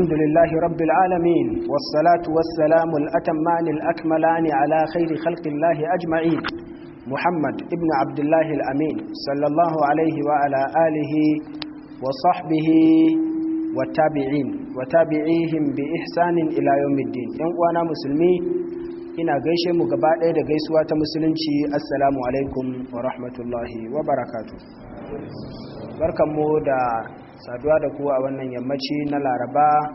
الحمد لله رب العالمين والصلاة والسلام الأتمان الأكملان على خير خلق الله أجمعين محمد ابن عبد الله الأمين صلى الله عليه وعلى آله وصحبه والتابعين وتابعيهم بإحسان إلى يوم الدين ينقوانا مسلمي ina gaishe mu gaba ɗaya da gaisuwa ta musulunci assalamu alaikum wa rahmatullahi wa barakatuh barkanmu da saduwa da kuwa a wannan yammaci na laraba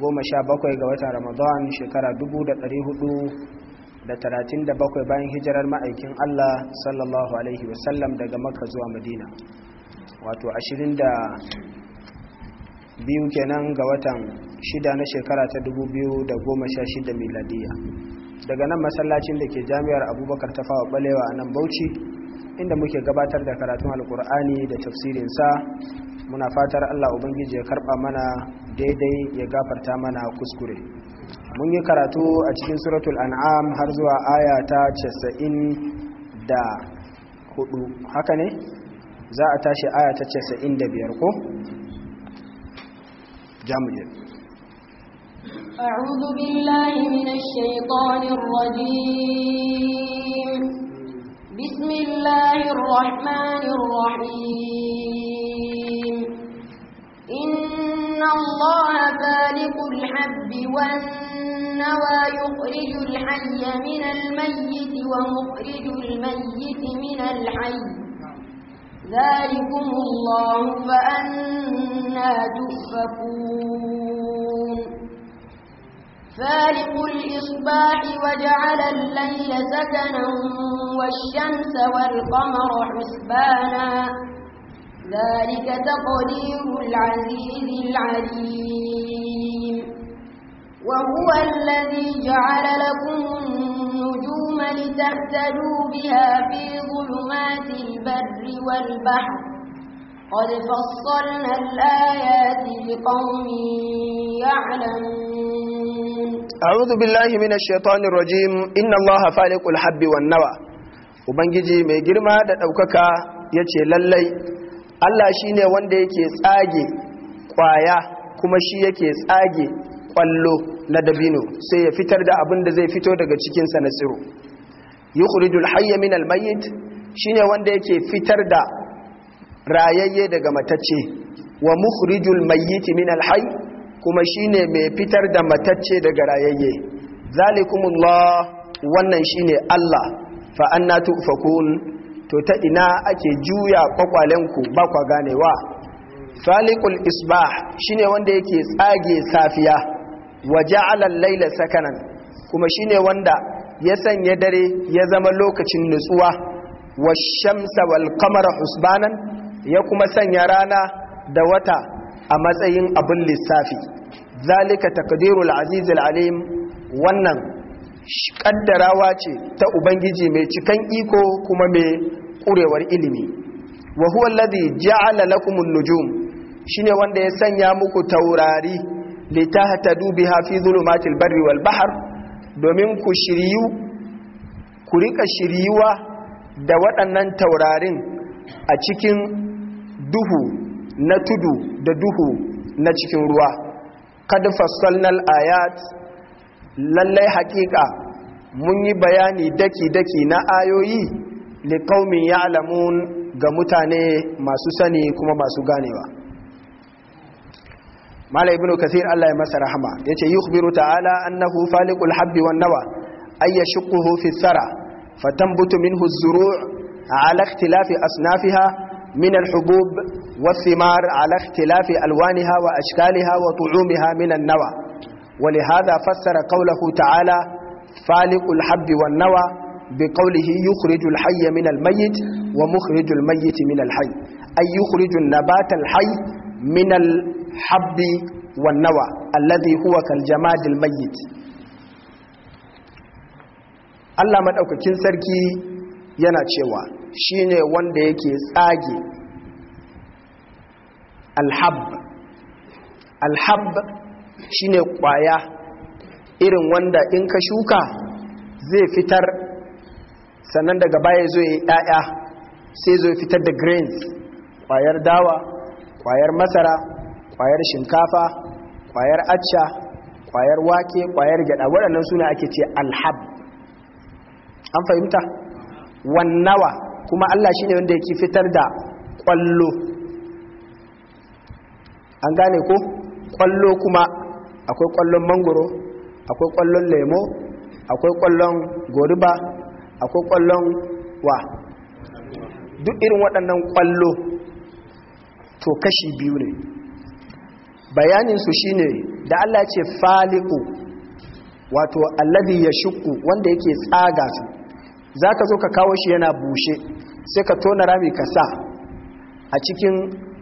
17 ga watan ramadan shekara 1437 bayan hijirar ma'aikin allah sallallahu alaihi wasallam daga makka zuwa madina wato 22 kenan ga watan 6 na shekara ta 2016 miladiya daga nan masallacin da ke jami'ar abubakar ta fawa balewa a nan bauchi inda muke gabatar da karatun alkur'ani da tafsirinsa muna fatar Allah ubangiji ya karba mana daidai ya gafarta mana kuskure mun yi karatu a cikin suratul an'am har zuwa aya ta 94 haka ne za a tashi aya ta 95 ko jamuje أعوذ بالله من الشيطان الرجيم بسم الله الرحمن الرحيم إن الله فالق الحب والنوى يخرج الحي من الميت ومخرج الميت من الحي ذلكم الله فأنا تؤفكون فالق الإصباح وجعل الليل سكنا والشمس والقمر حسبانا ذلك تقدير العزيز العليم وهو الذي جعل لكم النجوم لتهتدوا بها في ظلمات البر والبحر قد فصلنا الآيات لقوم يعلمون أعوذ بالله من الشيطان الرجيم إن الله فالق الحب والنوى Ubangiji mai girma da ɗaukaka ya ce lallai Allah shi ne wanda yake tsage kwaya kuma shi yake tsage kwallo na dabino sai ya fitar da abin da zai fito daga cikinsa na tsiro yukhrijul hayya min al shi ne wanda yake fitar da rayayye daga matacce wa mukhrijul mayyit min al kuma kuma ne mai fitar da matacce daga rayayye zalikumullah wannan shi ne Allah fa anna to ta ina ake juya kwakwalenku ba kwa ganewa Isba isbah shine wanda yake tsage safiya wa ja'ala al-layla sakanan kuma shine wanda ya sanya dare ya zama lokacin nutsuwa wa shamsa wal qamara husbanan ya kuma sanya rana da wata a matsayin abin lissafi zalika taqdirul azizul alim wannan kaddarawa ce ta ubangiji mai cikan iko kuma mai kurewar ilimi wa huwa alladhi ja'ala lakum an-nujum shine wanda ya sanya muku taurari litahtadu biha fi zulumatil barri wal bahr domin ku shiriyu ku rika shiriyuwa da waɗannan taurarin a cikin duhu na tudu da duhu na cikin ruwa kad fassalnal ayat lallai haƙiƙa mun yi bayani daki-daki na ayoyi liƙaumin ya alamun ga mutane masu sani kuma masu ganewa mala ibn kathir Allah ya masa rahama yace yukhbiru ta'ala annahu faliqul habbi wan nawa ay yashquhu fi thara fatanbutu minhu az-zuru' ala ikhtilafi asnafiha min al-hubub والثمار على اختلاف ألوانها وأشكالها وطعومها minan nawa. ولهذا فسر قوله تعالى فالق الحب والنوى بقوله يخرج الحي من الميت ومخرج الميت من الحي أي يخرج النبات الحي من الحب والنوى الذي هو كالجماد الميت Allah maɗaukakin sarki yana cewa shi ne wanda yake tsage alhab alhab shine kwaya irin wanda in ka shuka zai fitar sannan daga baya zo ya ɗaya sai zo fitar da grains kwayar dawa kwayar masara kwayar shinkafa kwayar acca kwayar wake kwayar gyada waɗannan suna ake ce alhab an fahimta wannawa kuma allah shine wanda yake fitar da kwallo an gane ko kwallo kuma akwai kwallon mangoro akwai kwallon lemo akwai kwallon goriba akwai kwallon wa duk irin waɗannan kwallo to kashi biyu ne bayaninsu ne da Allah ce faliku wato allazi ya shukku wanda yake tsaga su za ka zo ka kawo shi yana bushe sai ka tona rami ka sa a cikin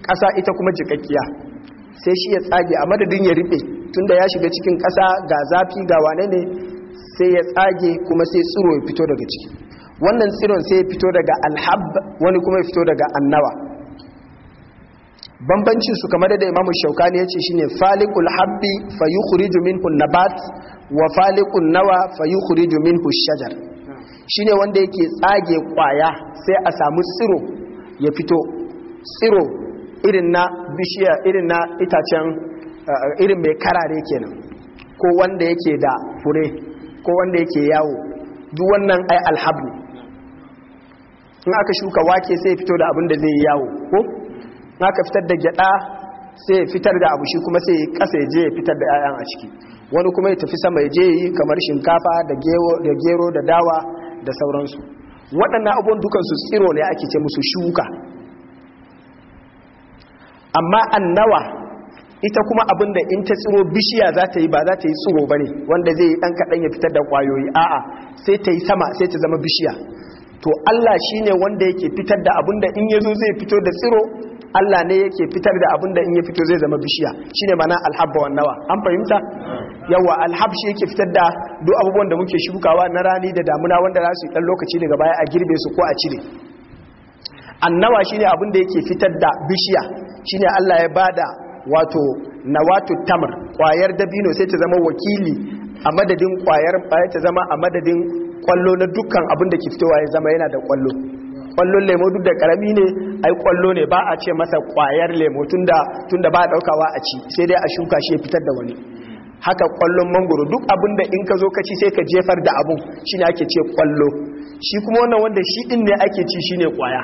ƙasa ita kuma jikakkiya sai shi ya tsage a madadin ya riɓe tunda ya shiga cikin ƙasa ga zafi ga wane ne sai ya tsage kuma sai tsiro ya fito daga ciki wannan tsiron sai ya fito daga alhab wani kuma ya fito daga annawa bambancin su kamar da imamu shaukani ya ce shine faliqul habbi fayukhriju minhu nabat wa faliqun nawa fayukhriju minhu shajar shine wanda yake tsage kwaya sai a samu tsiro ya fito tsiro irin na bishiya irin na itacen Uh, irin mai karare kenan ko wanda yake da fure ko wanda yake yawo duk wannan ai alhabu in aka shuka wake sai fito da abin da zai yi yawo ko in aka fitar da gyada sai fitar da abu shi kuma sai kasa je ya fitar da 'ya'yan a ciki wani kuma ya tafi sama ya je yi kamar shinkafa da gero da dawa da sauransu waɗannan abubuwan su tsiro ne ake ce musu shuka amma annawa ita kuma abin da in ta tsiro bishiya za ta yi ba za ta yi tsiro ba ne wanda zai yi ɗan kaɗan ya fitar da ƙwayoyi a'a sai ta yi sama sai ta zama bishiya to Allah shi ne wanda yake fitar da abin da in ya zo zai fito da tsiro Allah ne yake fitar da abin da in ya fito zai zama bishiya shi ne mana alhabba nawa an fahimta yawa alhab shi yake fitar da duk abubuwan da muke shukawa na rani da damuna wanda za su yi ɗan lokaci daga baya a girbe su ko a cire annawa shi ne abin da yake fitar da bishiya shi ne Allah ya ba da. wato wato tamar kwayar dabino sai ta zama wakili a madadin kwayar bayan eh, ta zama a madadin kwallo na dukkan abin da ke fitowa ya zama yana da kwallo kwallon lemo duk da karami ne ai kwallo ne ba a ce masa kwayar lemo tunda tunda ba daukawa a ci sai dai a shuka shi ya fitar da wani haka kwallon mangoro duk abin da in ka zo ka ci sai ka jefar da abun shine ake ce kwallo shi kuma wannan wanda shi din ne ake ci shi ne kwaya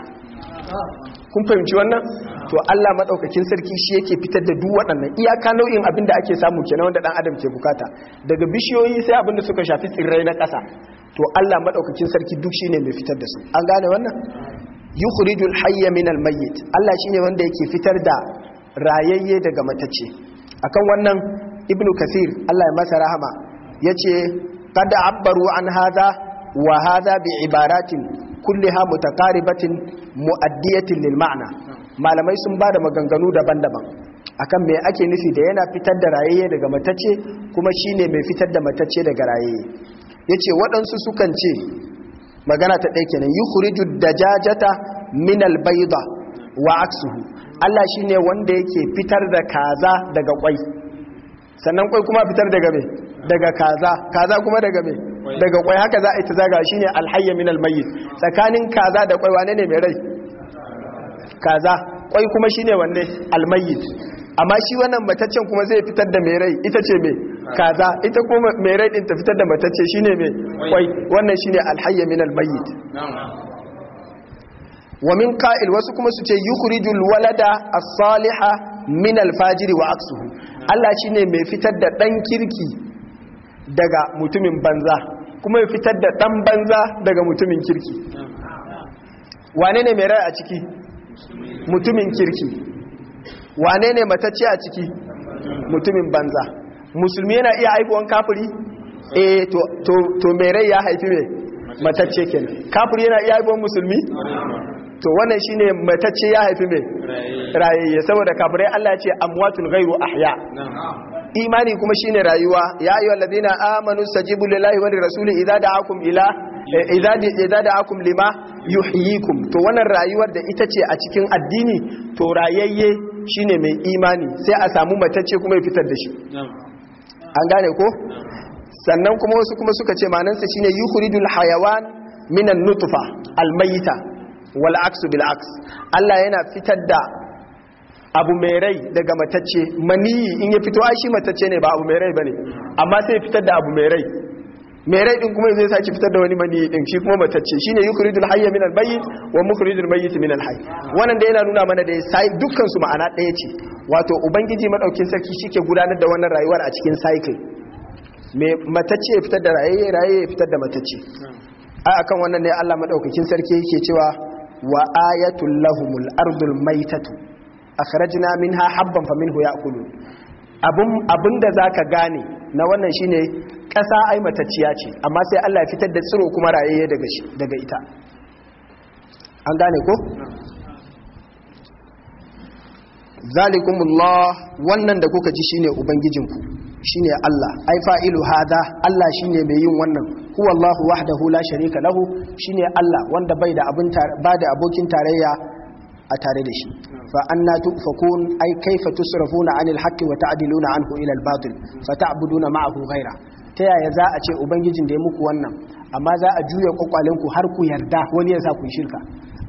kun fahimci wannan to Allah madaukakin sarki shi yake fitar da duk waɗannan iyaka nau'in abin da ake samu kenan wanda dan adam ke bukata daga bishiyoyi sai abin da suka shafi tsirrai na ƙasa to Allah madaukakin sarki duk shine mai fitar da su an gane wannan yukhrijul hayya minal mayyit Allah shine wanda yake fitar da rayayye daga matacce akan wannan ibnu kasir Allah ya masa rahama yace kada abbaru an hadha wa hadha bi ibaratin kulliha mutaqaribatin muaddiyatin lil ma'na malamai sun bada maganganu daban-daban akan me ake nufi da yana fitar da rayayye daga matace kuma shine mai fitar da matace daga rayayye yace waɗansu sukan ce magana ta ɗaya kenan yukhrijud dajajata min al bayda wa aksuhu Allah shine wanda yake fitar da kaza daga kwai sannan kwai kuma fitar daga me daga kaza kaza kuma daga me daga kwai haka za a yi ta zaga shine alhayya min almayyit tsakanin kaza da kwai wane ne mai rai kaza kwai kuma shine wanne almayyit amma shi wannan mataccen kuma zai fitar da mai rai ita ce mai kaza ita kuma mai rai din ta fitar da matacce ne mai kwai wannan shine alhayya min almayyit wa min qa'il wasu kuma su ce yukhrijul walada as-saliha min al-fajiri wa aksuhu Allah shine mai fitar da dan kirki daga mutumin banza kuma ya fitar da ɗan banza daga mutumin kirki wane ne mai rai a ciki mutumin kirki wane ne matacce a ciki mutumin banza musulmi yana iya haifuwan kafiri eh to, to, to mai rai ya haifi mai matacce kenan kafiri yana iya haifuwan musulmi to wannan shine matacce ya haifi mai rayayye saboda kafirai Allah ya ce amwatun ghairu ahya imani kuma shine rayuwa ya ayyuhal ladina amanu stajibu lillahi wa rasuli idza da'akum ila eh, idza idza da'akum lima yuhyikum to wannan rayuwar da ita ce a cikin addini to rayayye shine mai imani sai a samu matacce kuma ya fitar da shi an gane ko sannan kuma wasu kuma suka ce manansa shine yukhrijul hayawan minan nutfa almayta wal aksu bil aks Allah yana fitar da abu mai rai daga matacce maniyi in ya fito ai shi matacce ne ba abu mai rai ba ne, amma sai fitar da abu mai rai mai rai din kuma zai sake fitar da wani maniyi din shi kuma matacce Shi kuri dul hayya minal bayi wa mukhrijul mayyit minal hayi wannan da yana nuna mana da sai dukkan su ma'ana ɗaya ce wato ubangiji maɗaukin sarki shi ke gudanar da wannan rayuwar a cikin cycle mai matacce ya fitar da raye raye ya fitar da matacce ai akan wannan ne Allah madaukakin sarki yake cewa wa ayatul lahumul ardul maitatu akhrajna minha habban faminhu ya'kulun abun abin da zaka gane na wannan shine kasa ai matacciya ce amma sai Allah ya fitar da tsiro kuma rayayye daga daga ita an gane ko zalikumullah wannan da kuka ji shine ubangijinku shine Allah ai fa'ilu hada Allah shine mai yin wannan huwallahu wahdahu la sharika lahu shine Allah wanda bai da abin ba da abokin tarayya a tare da shi fa anna tufakun ay kaifa tusrafuna anil haqqi wa ta'diluna anhu ila al batil fa ma'ahu ghaira ta yaya za a ce ubangijin da ya muku wannan amma za a juya kwakwalen ku har ku yarda wani ya sa ku shirka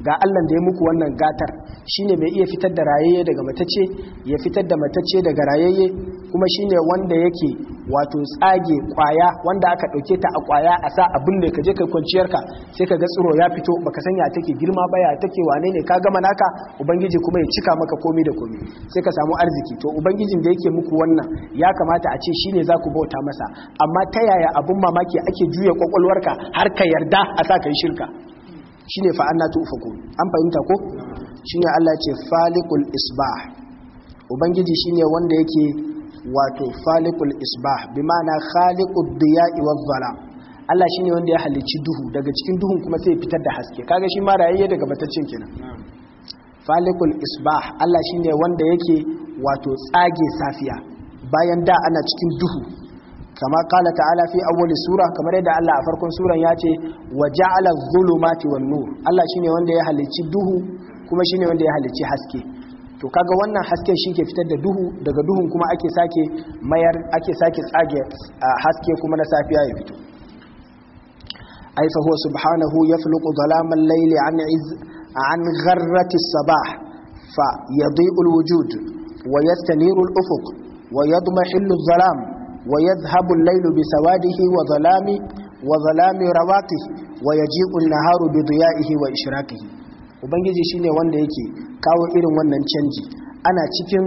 ga Allah da ya muku wannan gatar shine mai iya fitar da rayayye daga matace ya fitar da matace daga rayayye kuma shine wanda yake wato tsage kwaya wanda aka dauke ta a kwaya a sa abin da kaje kai kwanciyar ka sai kaga tsiro ya fito baka sanya take girma ba ya take wane ne ka gama naka ubangiji kuma ya cika maka komi da komai sai ka samu arziki to ubangijin da yake muku wannan ya kamata a ce shine za ku bauta masa amma ta yaya abun mamaki ake juya kwakwalwarka har ka yarda a sa kai shirka Shi shine fa anna tufaku an fahimta ko ne Allah ce falikul isba. ubangiji shine wanda yake wato falikul isbah bi ma'ana khaliqud diya'i waz zalam Allah shine wanda ya halici duhu daga cikin duhun kuma sai fitar da haske kaga shi mara rayayye daga bataccen kenan falikul isba Allah shine wanda yake wato tsage safiya bayan da ana cikin duhu kama kala ta'ala fi awwali sura kamar yadda Allah a farkon suran ya ce wa ja'ala dhulumati wan nur Allah shine wanda ya halicci duhu kuma shine wanda ya halicci haske to kaga wannan hasken shi ke fitar da duhu daga duhun kuma ake sake mayar ake sake tsage haske kuma na safiya ya fito ai fa huwa subhanahu yafluqu dhalamal layli an iz an gharrati sabah fa yadhi'u wujud wa yastaniru ufuk wa yadmahilu adh-dhalam ويذهب الليل بسواده وظلام وظلام رواقه ويجيء النهار بضيائه وإشراقه ubangiji shine wanda yake kawo irin wannan canji ana cikin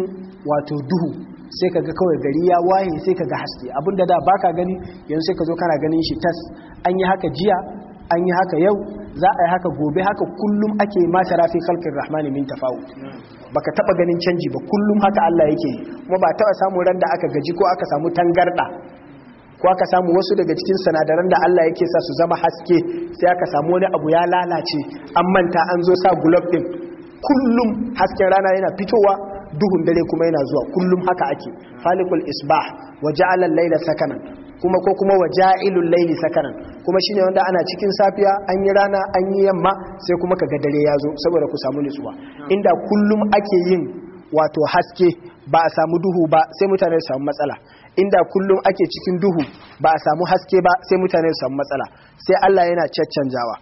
wato duhu sai kaga kawai gari ya waye sai kaga haske abunda da baka gani yanzu sai kazo kana ganin shi tas an yi haka jiya an yi haka yau za a yi haka gobe haka kullum ake ma rafi salkin rahmani min ba baka taba ganin canji ba kullum haka Allah yake kuma ba taba samun ran da aka gaji ko aka samu tangarda ko aka samu wasu daga cikin sanadaran da Allah yake sa su zama haske sai aka samu wani abu ya lalace an manta an zo sa gulob din kullum hasken rana yana fitowa duhun dare kuma yana zuwa kullum haka ake falikul isbah wa ja'ala al-laila sakanan kuma ko kuma wa ja'ilul laili sakaran kuma shine wanda ana cikin safiya an yi rana an yi yamma sai kuma kaga dare ya zo saboda ku samu nutsuwa inda kullum ake yin wato haske ba a samu duhu ba sai mutane su samu matsala inda kullum ake cikin duhu ba a samu haske ba sai mutane su samu matsala sai Allah yana jawa.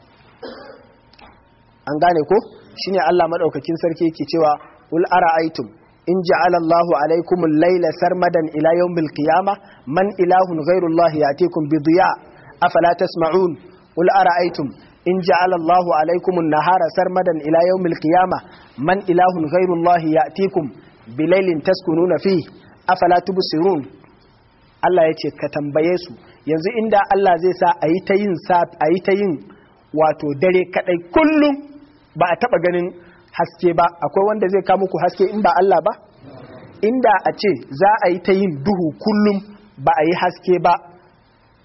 an gane ko shine Allah madaukakin sarki yake cewa ul ara'aytum in ja'ala Allahu alaikum laila sarmadan ila yawmil qiyamah man ilahun ghayru Allah yatikum bi diya afala tasma'un qul ara'aytum in ja'ala Allahu alaikum an-nahara sarmadan ila yawmil qiyamah man ilahun ghayru Allah yatikum bi lailin taskununa fi. afala tubsirun Allah yace ka tambaye su yanzu inda Allah zai sa ayi ta yin sa ayi ta yin wato dare kadai kullum ba a taba ganin haske ba akwai wanda zai kawo muku haske in ba Allah ba inda a ce za a yi ta yin duhu kullum ba a yi haske ba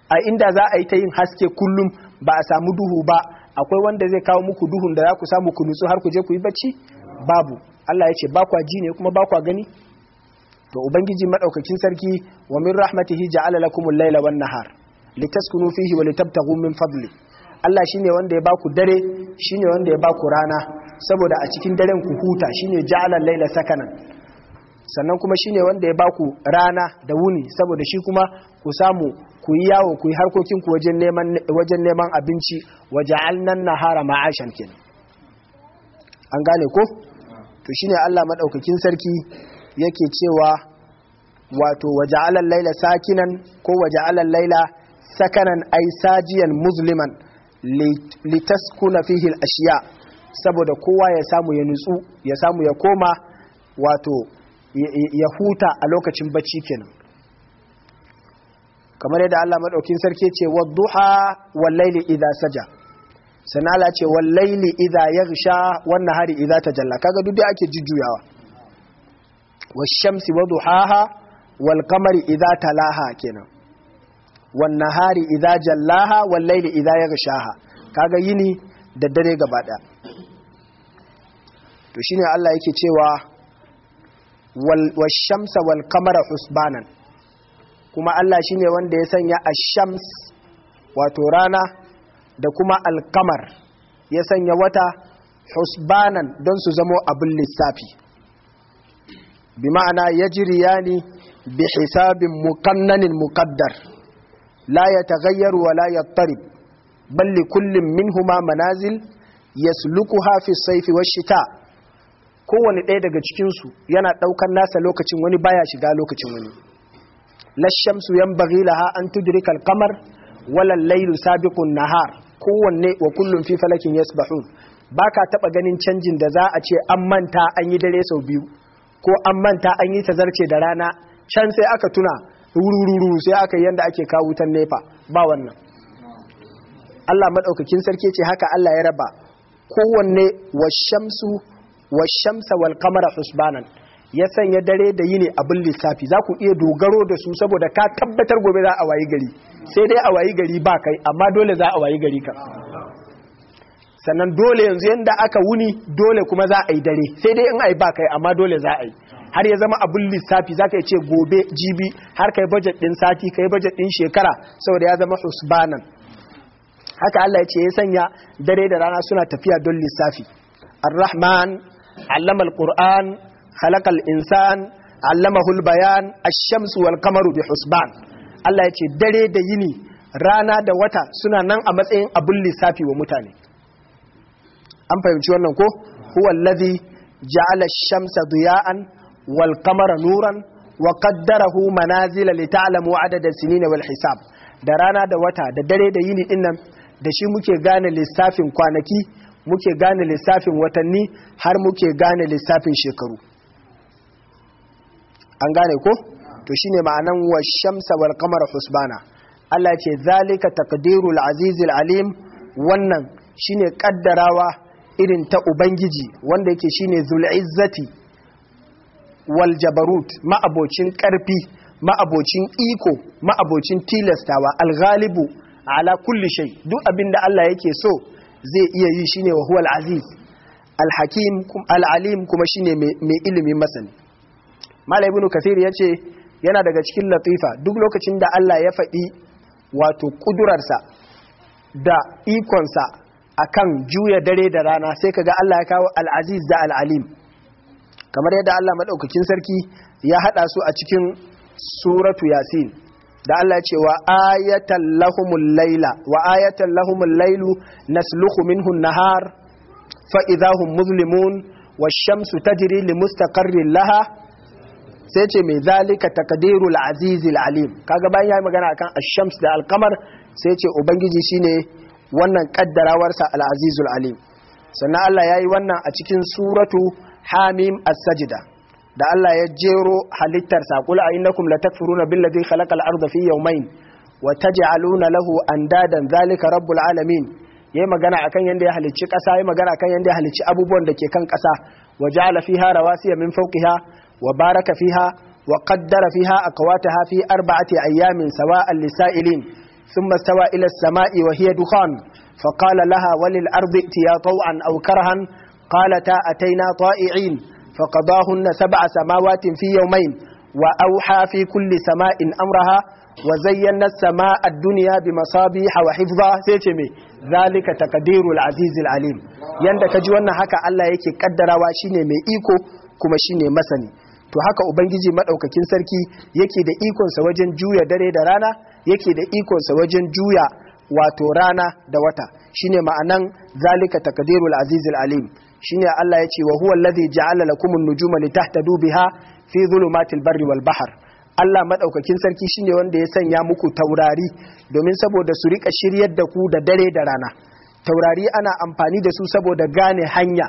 a inda za a yi ta yin haske kullum ba a samu duhu ba akwai wanda zai kawo muku duhun da za ku samu ku nutsu har ku je ku yi bacci babu Allah ya ce ba kwa ji ne kuma ba kwa gani to ubangiji madaukakin sarki wa min rahmatihi ja'ala lakumul laila wan nahar litaskunu fihi wa litabtaghu min fadli Allah shine wanda ya baku dare shine wanda ya baku rana saboda a cikin daren ku huta shine ja'alal laila sakanan sannan kuma shine wanda ya baku rana da wuni saboda shi kuma ku samu ku yi yawo ku yi harkokin ku wajen neman wajen neman abinci waja'alnan nahara ma'ashan kenan an gane ko to shine Allah madaukakin sarki yake cewa wato waja'alal laila sakinan ko waja'alal laila sakanan ay sajiyan musliman litaskuna fihi ashiya saboda kowa ya samu ya nutsu ya samu ya koma wato ya huta a lokacin bacci kenan kamar yadda Allah madaukin sarki ce duha wal laili idza saja sanala ce wal laili idza yaghsha wan nahari idza tajalla kaga duk da ake jujjuyawa wash shamsi wa duhaha wal qamari idza talaha kenan wan nahari idza jallaha wal layli idza yaghshaha kaga yini da dare gaba daya to shine Allah yake cewa wal washamsa wal qamara husbanan kuma Allah shine wanda ya sanya ash-shams wato rana da kuma al-qamar ya sanya wata husbanan don su zamo abin lissafi bi ma'ana yajriyani bi hisabin muqannanin muqaddar la يتغير wa la بل لكل منهما منازل minhuma manazil الصيف fi kowane ɗaya daga cikin su yana ɗaukar nasa lokacin wani baya shiga lokacin wani lashamsu yanbaghi laha an tudrika al-qamar wala laylu sabiqun nahar kowanne wa kullun fi falakin yasbahun baka taba ganin canjin da za a ce an manta an yi dare sau biyu ko an manta an yi tazarce da rana can sai aka tuna ruru sai aka yi yanda ake kawo wutan nefa ba wannan Allah madaukakin sarki ce haka Allah ya raba kowanne washamsu washamsa wal qamara husbanan ya sanya dare da yini abin lissafi za ku iya dogaro da su saboda ka tabbatar gobe za a wayi gari sai dai a wayi gari ba kai amma dole za a wayi gari ka sannan dole yanzu yanda aka wuni dole kuma za a yi dare sai dai in ai ba kai amma dole za a yi har ya zama abun lissafi zaka ce gobe jibi har kai budget ɗin sati kai budget ɗin shekara saboda ya zama husbanan. haka Allah ya ce ya sanya dare da rana suna tafiya don lissafi ar-rahman allama al-qur'an khalaqa al-insan allamahu al-bayan ash-shamsu wal qamaru bi husban Allah ya ce dare da yini rana da wata suna nan a matsayin abun lissafi wa mutane an fahimci wannan ko huwa allazi ja'ala shamsa duya'an والقمر نورا nuran wa لتعلم manazila السنين والحساب da rana da wata da dare da yini nan da shi muke gane lissafin kwanaki muke gane lissafin watanni har muke gane lissafin shekaru an gane ko to shine ma'anan wa shamsa wal qamara husbana Allah ce zalika taqdirul azizil alim wannan shine kaddarawa irin ta ubangiji wanda yake shine zul izzati waljabarut ma'abocin ƙarfi ma'abocin iko ma'abocin tilastawa alghalibu ala kulli shay duk abin da Allah yake so zai iya yi shine wa huwal aziz alhakim al'alim kuma shine mai ilimin masani malai ibnu ya yace yana daga cikin latifa duk lokacin da Allah ya faɗi wato kudurarsa da ikonsa akan juya dare da rana sai kaga Allah ya kawo al'aziz da al'alim kamar yadda Allah madaukakin sarki ya hada su a cikin suratu yasin da Allah ce wa ayatan lahumul laila wa ayatan lahumul lailu naslukhu minhu nahar fa idahum muzlimun washamsu shamsu tajri li mustaqarrin laha sai ce mai zalika taqdirul azizil alim kaga bayan yayi magana akan ash-shams da al-qamar sai ce ubangiji shine wannan kaddarawarsa al-azizul alim sannan Allah yayi wannan a cikin suratu حاميم السجدة sajda da Allah ya jero halittar sa kul a innakum latakfuruna billazi khalaqal arda fi yawmayn wa taj'aluna lahu andadan zalika rabbul alamin yayi magana akan yanda ya halicci kasa yayi magana akan yanda ya halicci abubuwan da ke kan kasa wa ja'ala fiha rawasiya min fawqiha wa baraka fiha wa qaddara fiha aqwataha fi arba'ati ayamin sawa'an lisa'ilin thumma stawa ila as-sama'i wa hiya dukhan fa qala laha walil ardi tiya taw'an aw karahan قالتا أتينا طائعين فقضاهن سبع سماوات في يومين وأوحى في كل سماء أمرها وزينا السماء الدنيا بمصابيح وحفظا سيتمي ذلك تقدير العزيز العليم yanda ka ji wannan haka Allah yake kaddarawa shine mai iko kuma shine masani to haka ubangiji madaukakin sarki yake da ikonsa wajen juya dare da rana yake da ikonsa wajen juya wato rana da wata shine ma'anan zalika taqdirul azizil alim shine Allah ya ce wa huwa alladhi ja'ala lakum an-nujuma litahtadu biha fi dhulumatil barri wal bahr Allah madaukakin sarki shine wanda ya sanya muku taurari domin saboda su rika shiryar da ku da dare da rana taurari ana amfani da su saboda gane hanya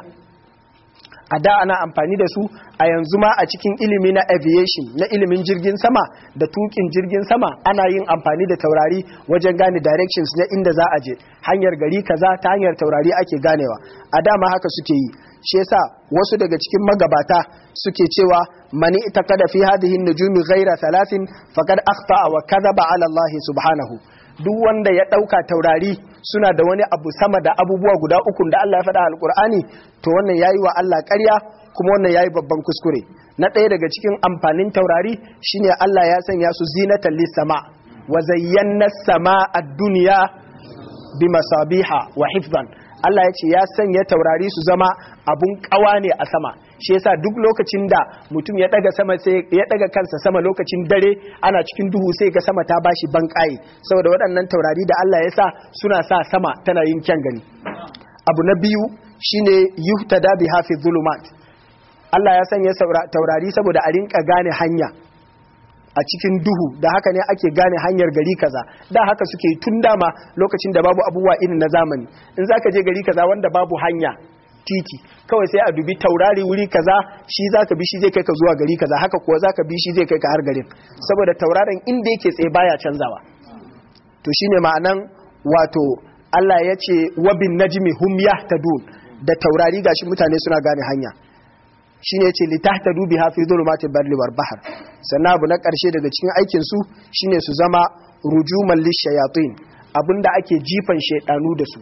a da ana amfani da su a yanzu ma a cikin ilimi na aviation na ilimin jirgin sama da tukin jirgin sama ana yin amfani da taurari wajen gane directions na inda za a je hanyar gari kaza ta hanyar taurari ake ganewa a da ma haka suke yi shi yasa wasu daga cikin magabata suke cewa mani ita kada fi hadihin najumi ghaira 30 faqad akhta wa kadhaba ala Allah subhanahu duk wanda ya ɗauka taurari suna da wani abu sama da abubuwa guda uku da Allah ya faɗa alƙur'ani to wannan yayi wa Allah ƙarya kuma wannan yayi babban kuskure na ɗaya daga cikin amfanin taurari shine Allah ya sanya su zinata lis-sama wa zayyana sama ad-dunya bi masabiha wa hifzan Allah ya ce ya sanya taurari su zama abun ƙawa ne a sama shi yasa duk lokacin da mutum ya daga sama sai ya daga kansa sama lokacin dare ana cikin duhu sai ga sama ta bashi banƙaye saboda waɗannan taurari da Allah ya sa suna sa sama tana yin kyan gani abu na biyu shine yuhtada bi hafi zulumat Allah ya sanya taurari saboda a rinka gane hanya a cikin duhu da haka ne ake gane hanyar gari kaza da haka suke tun dama lokacin da babu abubuwa irin na zamani in zaka je gari kaza wanda babu hanya titi kawai sai a dubi taurari wuri kaza shi za ka bi shi zai kai ka zuwa gari kaza haka kuwa ka bi shi zai kai ka har garin saboda taurarin inda yake tsaye baya canzawa to shine ma'anan wato Allah ya ce wabin najmi hum yahtadun da taurari gashi mutane suna gane hanya shine yace litahtadu biha fi dhulumatil barri wal bahr sannan abu na karshe daga cikin aikin su shine su zama rujuman lishayatin abinda ake jifan shaidanu da su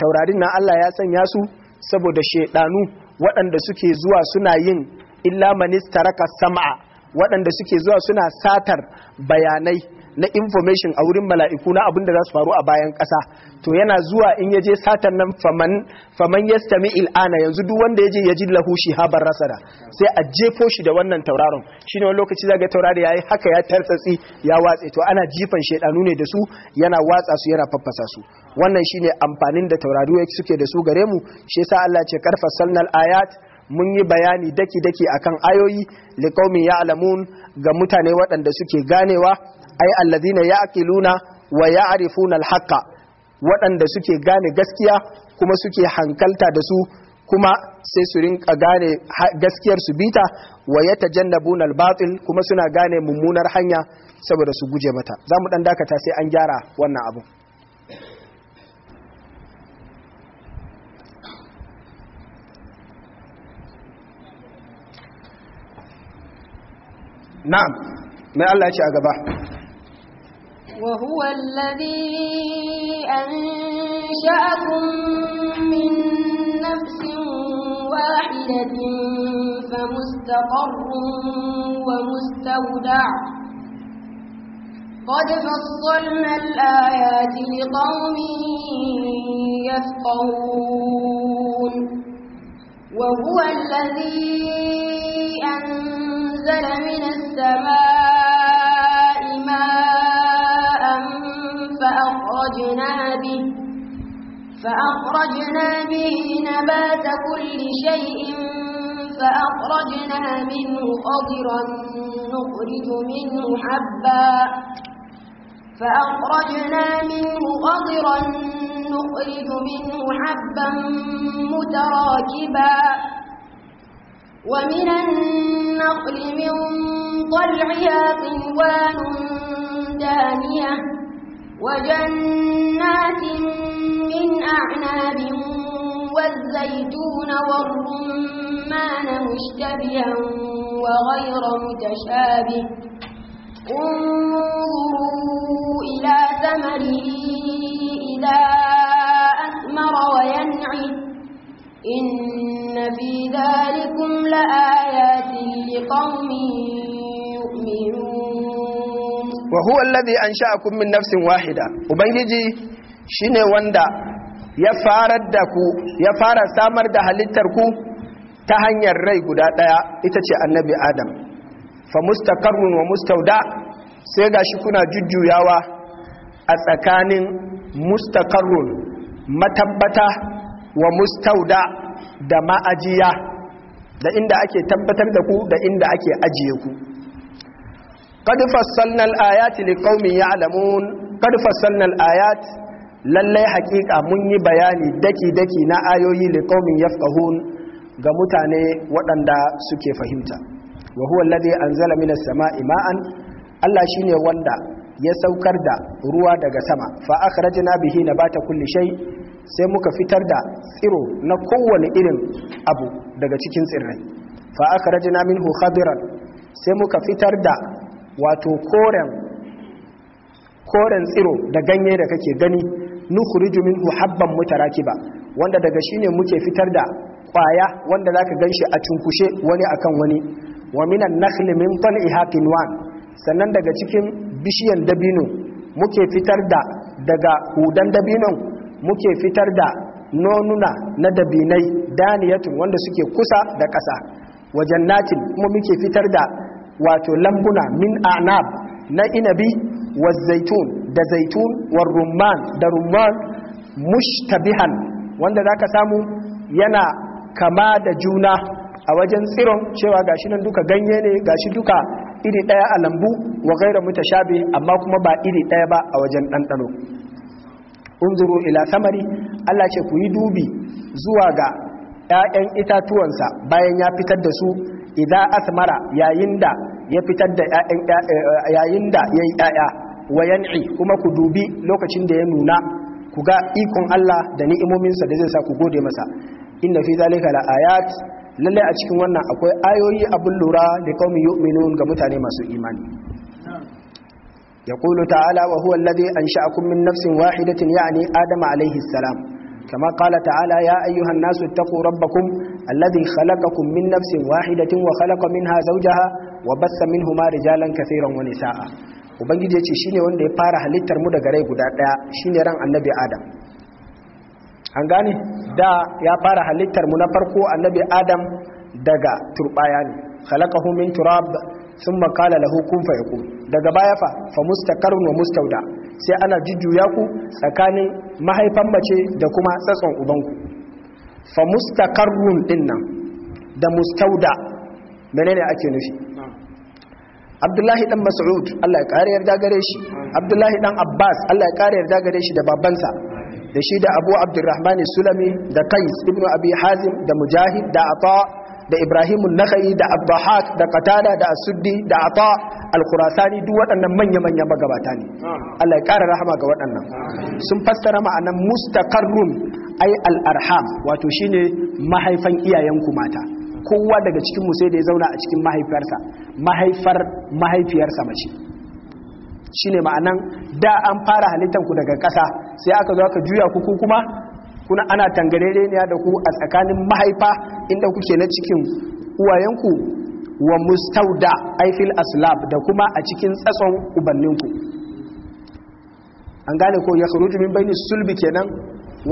taurarin nan Allah ya sanya su saboda shaidanu waɗanda suke zuwa suna yin illa manistaraka sama'a waɗanda suke zuwa suna satar bayanai na information a wurin mala'iku na abin da za su faru a bayan ƙasa to yana zuwa in yaje satan nan faman faman yastami il'ana yanzu duk wanda yaje yaji lahu habar rasara sai a jefo shi da wannan tauraron shine wani lokaci zaga taurari yayi haka ya tartsatsi ya watse to ana jifan shedanu ne da su yana watsa su yana faffasa su wannan shine amfanin da taurari suke da su gare mu shi yasa Allah ce karfa sannal ayat mun yi bayani daki-daki akan ayoyi liqaumin ya'lamun ga mutane waɗanda suke ganewa ai alladhina yaqiluna wa ya'rifuna alhaqa waɗanda suke gane gaskiya kuma suke hankalta da su kuma sai su rinka gane gaskiyar su bita wa yatajannabuna albatil kuma suna gane mummunar hanya saboda su guje mata zamu dan dakata sai an gyara wannan abu na'am mai Allah ya ce a gaba وهو الذي أنشأكم من نفس واحدة فمستقر ومستودع قد فصلنا الآيات لقوم يفقهون وهو الذي أنزل من السماء فأخرجنا به نبات كل شيء فأخرجنا منه خضرا نخرج منه حبا فأخرجنا منه خضرا نخرج منه حبا متراكبا ومن النخل من طلعها قنوان دانيه وجنات من أعناب والزيتون والرمان مشتبها وغير متشابه انظروا إلى ثمره إذا أثمر وينعي إن في ذلكم لآيات لقوم يؤمنون wa huwa alladhi ansha'akum min nafsin wahida ubangiji shine wanda ya farar da ku ya fara samar da halittar ku ta hanyar rai guda daya ita ce annabi adam fa mustaqarrun wa mustauda sai gashi kuna jujjuyawa a tsakanin mustaqarrun matabbata wa mustauda da ma'ajiya da inda ake tabbatar da ku da inda ake ajiye ku qad fassalna al-ayati liqaumin ya'lamun qad fassalna al-ayat lallai haƙiƙa mun yi bayani daki daki na ayoyi liqaumin yafqahun ga mutane waɗanda suke fahimta wa huwa alladhi anzala minas sama'i ma'an Allah shine wanda ya saukar da ruwa daga sama fa akhrajna bihi nabata kulli shay sai muka fitar da tsiro na kowane irin abu daga cikin tsirrai fa akhrajna minhu khadiran sai muka fitar da wato koren koren tsiro da ganye da kake gani nukhriju minhu habban mutarakiba wanda daga shine muke fitar da kwaya wanda zaka ganshi a cunkushe wani akan wani wa minan nakhli min tal'iha kinwan sannan daga cikin bishiyan dabino muke fitar da daga hudan dabinon muke fitar da nonuna na dabinai daniyatun wanda suke kusa da ƙasa wajen natin kuma muke fitar da wato lambuna min anab na inabi wa zaitun da zaitun wa rumman da rumman mushtabihan wanda zaka samu yana kama da juna a wajen tsiron cewa gashi nan duka ganye ne gashi duka iri daya a lambu wa gaira mutashabi amma kuma ba iri daya ba a wajen ɗanɗano unzuru ila samari Allah ce ku yi dubi zuwa ga ‘ya'yan itatuwansa bayan ya fitar da su idza asmara yayin da ya fitar da yayin da yayi yaya wa yan'i kuma ku dubi lokacin da ya nuna ku ga ikon Allah da ni'imominsa da zai sa ku gode masa inna fi zalika la ayat lalle a cikin wannan akwai ayoyi abin lura da qaumi yu'minun ga mutane masu imani yaqulu ta'ala wa huwa alladhi ansha'akum min nafsin wahidatin ya'ni adam alayhi salam كما قال تعالى يا أيها الناس اتقوا ربكم الذي خلقكم من نفس واحدة وخلق منها زوجها وبث منهما رجالا كثيرا ونساء ubangiji ya ce shi ne wanda ya fara halittar mu daga rai guda ɗaya shi ne ran annabi adam an gane da ya fara halittar mu na farko annabi adam daga turbaya ne khalaqahu turab sun makala da kun fa daga baya fa fa mustaqarrun wa mustauda sai ana jujjuya ku tsakanin mahaifan mace da kuma tsatson ubanku fa mustaqarrun dinnan da mustauda menene ake nufi abdullahi dan mas'ud Allah ya kare yarda gare shi abdullahi dan abbas Allah ya kare yarda gare shi da babansa da shi da abu abdurrahman sulami da kai ibnu abi hazim da mujahid da ata da Ibrahim an-Nakhai da Abdahak da Qatada da Asuddi da Ata al duk waɗannan manya-manya magabata ne Allah ya ƙara rahama ga waɗannan sun fassara ma'anan mustaqarrun ay al-arham wato shine mahaifan iyayenku mata kowa daga cikin mu sai da ya zauna a cikin mahaifiyarsa mahaifar mahaifiyarsa mace shine ma'anan da an fara halittanku daga ƙasa sai aka zo aka juya ku kuma kuna ana tangarereniya da ku a tsakanin mahaifa inda kuke na cikin uwayenku wa mustauda aifil aslab da kuma a cikin tsatson ubanninku an gane ko ya kharuju min bayni sulbi kenan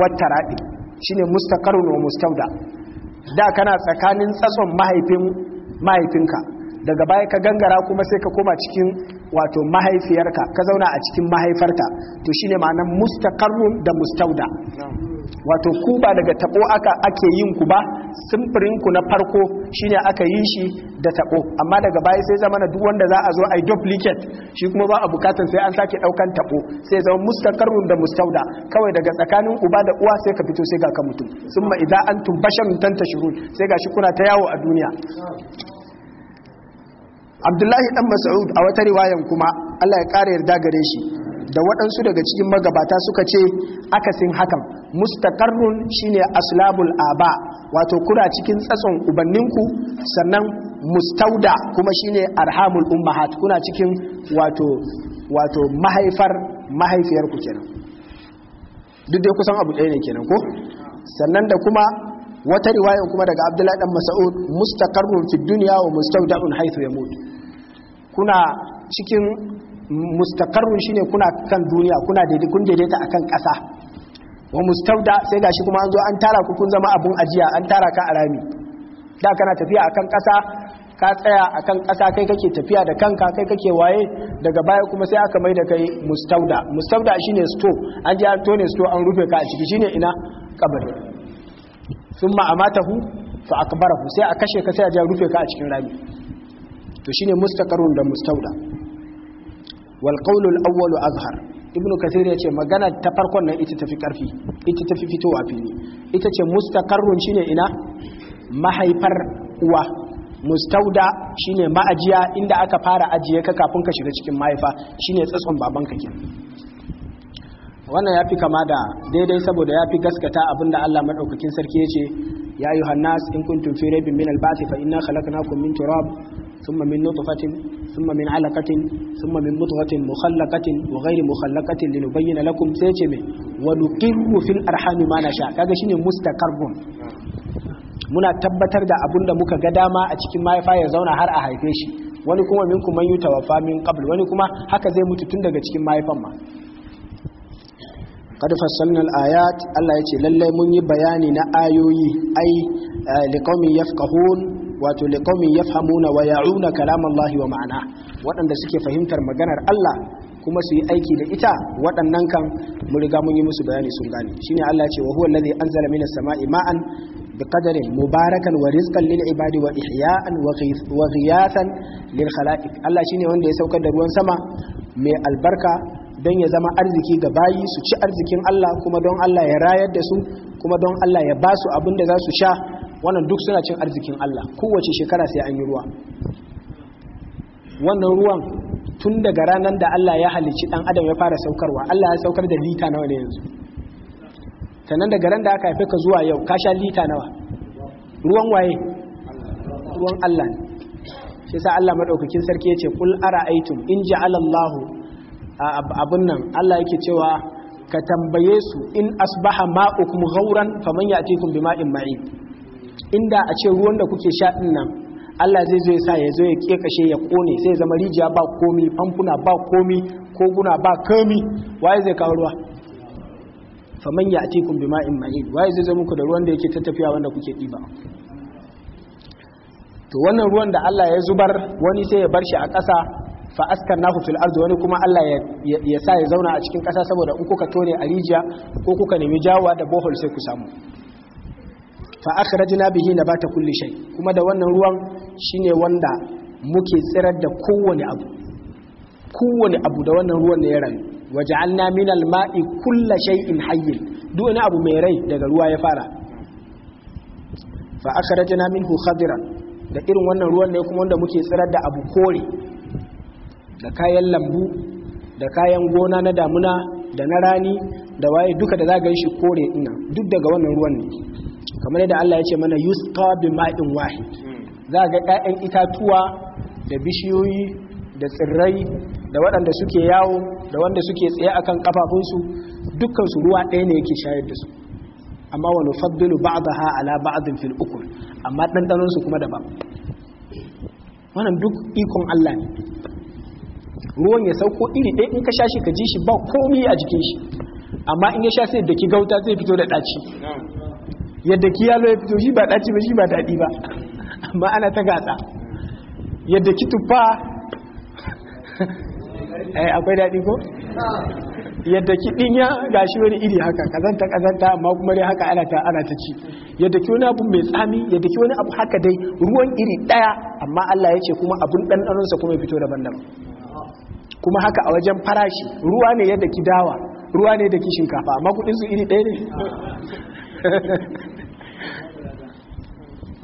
wata tarabi shine mustakar wa mustauda da kana tsakanin tsatson mahaifin mahaifinka daga baya ka gangara kuma sai ka koma cikin wato mahaifiyarka ka zauna a cikin mahaifarta to shine ma'anar mustakarun da mustauda wato ku ba daga tabo aka ake yin ku ba simfirin ku na farko shine aka yi shi da tabo amma daga baya sai zama na duk wanda za a zo ai duplicate shi kuma ba a bukatan sai an sake daukan tabo sai zama mustaqarrun da mustauda kawai daga tsakanin uba da uwa sai ka fito sai ga ka mutum summa idan antum basharun tantashurun sai ga shi kuna ta yawo a duniya Abdullahi dan Mas'ud a wata riwayan kuma Allah ya kare yarda gare shi da waɗansu daga cikin magabata suka ce akasin hakan mustaqarrun shine aslabul aba wato kuna cikin tsatson ubanninku sannan mustauda kuma shine arhamul ummahat kuna cikin wato wato mahaifar ku kenan duk dai kusan abu ɗaya ne kenan ko sannan da kuma wata riwaya kuma daga abdullahi dan mas'ud mustaqarrun fi dunya wa mustawda'un haythu yamut kuna cikin shi shine kuna kan duniya kuna daidai kun daidaita akan ƙasa wa mustauda sai gashi kuma an zo an tara ku kun zama abun ajiya an tara ka a rami da kana tafiya akan ƙasa ka tsaya akan ƙasa kai kake tafiya da kanka kai kake waye daga baya kuma sai aka maida kai mustauda mustauda shine sto an ji an tone sto an rufe ka a ciki shine ina kabari thumma amatahu fa akbarahu sai a kashe ka sai a rufe ka a cikin rami to shine mustaqarrun da mustauda wal qawlul awwalu azhar ibnu kasir ya ce magana ta farkon nan ita tafi karfi ita tafi fitowa fili ita ce mustaqarrun shine ina mahaifar uwa mustauda shine ma'ajiya inda aka fara ajiye ka kafin ka shiga cikin mahaifa shine tsatson babanka ke wannan ya fi kama da daidai saboda ya fi gaskata abinda Allah maɗaukakin sarki ya ce ya yi hannas in kuntum fi raibin min albasi fa inna khalaqnakum min turab ثم من نطفة ثم من علقة ثم من مضغة مخلقة وغير مخلقة لنبين لكم سيتم ونقر في الأرحام ما نشاء هذا شيء مستقر muna tabbatar da abin da muka ga dama a cikin mahaifa ya zauna har a haife shi wani kuma minku kuma yi tawafa min qabl wani kuma haka zai mutu tun daga cikin mahaifan ma qad fassalna al-ayat Allah yace lallai mun yi bayani na ayoyi ai liqaumin yafqahun wato ya yafhamuna wa ya'una kalamallahi wa ma'ana waɗanda suke fahimtar maganar Allah kuma su yi aiki da ita waɗannan kan mu riga mun yi musu bayani sun gane shine Allah ce wa huwa allazi anzala minas sama'i ma'an biqadarin mubarakan wa rizqan lil ibadi wa ihya'an wa ghiyathan lil khalaiq Allah shine wanda ya saukar da ruwan sama mai albarka don ya zama arziki ga bayi su ci arzikin Allah kuma don Allah ya rayar da su kuma don Allah ya ba su abin da za su sha wannan duk suna cin arzikin Allah kowace shekara sai an yi ruwa wannan ruwan tun daga ranar da Allah ya halicci dan adam ya fara saukarwa Allah ya saukar da lita nawa ne yanzu sannan daga ran da aka haife ka zuwa yau ka sha lita nawa ruwan waye ruwan Allah ne shi sa Allah madaukakin sarki yace kul ara'aytum in ja'ala Allahu abun nan Allah yake cewa ka tambaye su in asbaha ma'ukum ghauran faman ya'tikum bima'in ma'in inda a ce ruwan da kuke sha din nan Allah zai zo ya sa ya zo ya kekashe ya kone sai zama rijiya ba komi famfuna ba komi koguna ba komi waye zai kawo ruwa faman ya kun bima in mai waye zai zama ku da ruwan da yake ta tafiya wanda kuke ɗiba to wannan ruwan da Allah ya zubar wani sai ya bar shi a ƙasa fa askarnahu fil ardi wani kuma Allah ya sa ya zauna a cikin ƙasa saboda in kuka tone a rijiya ko kuka nemi jawa da bohol sai ku samu fa akhrajna bihi nabata kulle shai, kuma da wannan ruwan shine wanda muke tsirar da kowane abu kowane abu da wannan ruwan ne ya rayu waja'alna minal ma'i kulli shay'in hayyin duk wani abu mai rai daga ruwa ya fara fa min minhu khadiran da irin wannan ruwan ne kuma wanda muke tsirar da abu kore da kayan lambu da kayan gona na damuna da na rani da waye duka da za ga shi kore ina duk daga wannan ruwan ne kamar yadda Allah ya ce mana yusqa bi ma'in wahid hmm. za ga 'ya'yan itatuwa da bishiyoyi da tsirrai da waɗanda suke yawo da wanda suke tsaye akan kafafunsu dukkan su ruwa ɗaya ne yake shayar da su amma wa nufaddilu ba'daha ala ba'din fil ukul amma dandanon su kuma daban wannan duk ikon Allah ne ruwan ya sauko iri ɗaya in ka sha shi ka ji shi ba komai a jikin shi amma in ya sha sai da ki gauta zai fito da ɗaci yadda kiyalo ya fito shi ba ɗaci ba shi ba daɗi ba amma ana ta gasa yadda ki tuffa eh, akwai daɗi ko yadda ki dinya gashi wani iri haka kazanta kazanta amma kuma dai haka ana ta ana ta ci yadda ki wani abu mai tsami yadda ki wani abu haka dai ruwan iri daya amma Allah ya ce kuma abun dandanon sa kuma ya fito daban-daban kuma haka a wajen farashi ruwa ne yadda ki dawa ruwa ne da ki shinkafa amma kudin su iri daya ne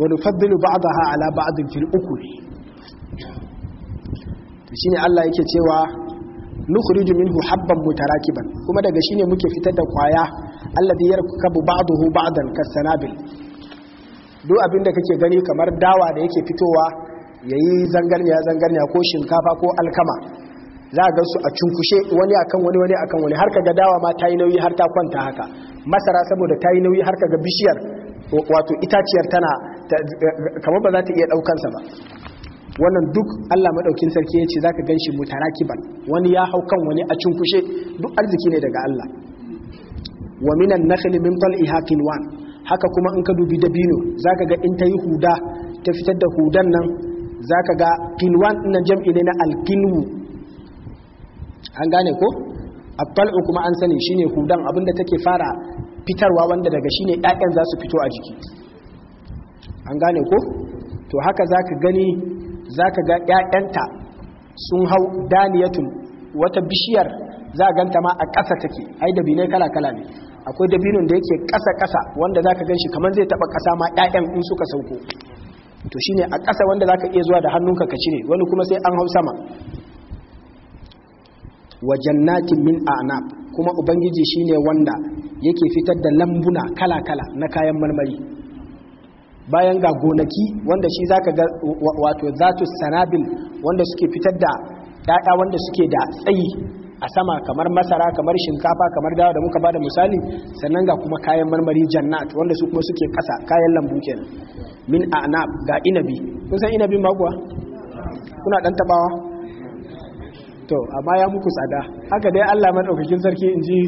wa nufaddilu ba'daha ala ba'din fil to shine Allah yake cewa nukhriju minhu habban mutarakiban kuma daga shine muke fitar da kwaya alladhi yarkabu ba'dahu ba'dan kasanabil duk abin da kake gani kamar dawa da yake fitowa yayi zangarniya zangarniya ko shinkafa ko alkama za a gansu a cunkushe wani akan wani wani akan wani har kaga dawa ma ta yi nauyi har ta kwanta haka masara saboda ta yi nauyi har kaga bishiyar wato itaciyar tana kamar ba za ta iya sa ba wannan duk Allah maɗaukin sarki ya ce za ka gan shi mutarakiban wani ya hau kan wani a cunkushe duk arziki ne daga Allah wa minan nakhli min tal'iha kinwan haka kuma in ka dubi dabino zaka ga in ta yi huda ta fitar da hudan nan zaka ga kinwan nan jam'i ne na alkinu an gane ko at-tal'u kuma an sani shine hudan abinda take fara fitarwa wanda daga shine ɗaƙen za su fito a jiki an gane ko to haka za ka gani za ka ga 'ya'yanta sun hau daniyatun wata bishiyar za a ganta ma a ƙasa take ai ne kala-kala ne akwai dabinin da yake ƙasa-ƙasa wanda za ka gan shi kamar zai taɓa ƙasa ma 'ya'yan in suka sauko to shi ne a ƙasa wanda za ka iya zuwa da hannunka ka cire wani kuma sai an hau sama Wajen jannatin min anab kuma ubangiji shine wanda yake fitar da lambuna kala-kala na kayan marmari bayan ga gonaki wanda shi zaka ga wato zatu sanabil wanda suke fitar da ƴaƴa wanda suke da tsayi a sama kamar masara kamar shinkafa kamar dawa da muka bada misali sannan ga kuma kayan marmari jannat wanda su kuma suke kasa kayan lambu kenan min anab ga inabi kun san inabi ba kuwa kuna dan tabawa to amma ya muku tsada haka dai Allah madaukakin sarki inji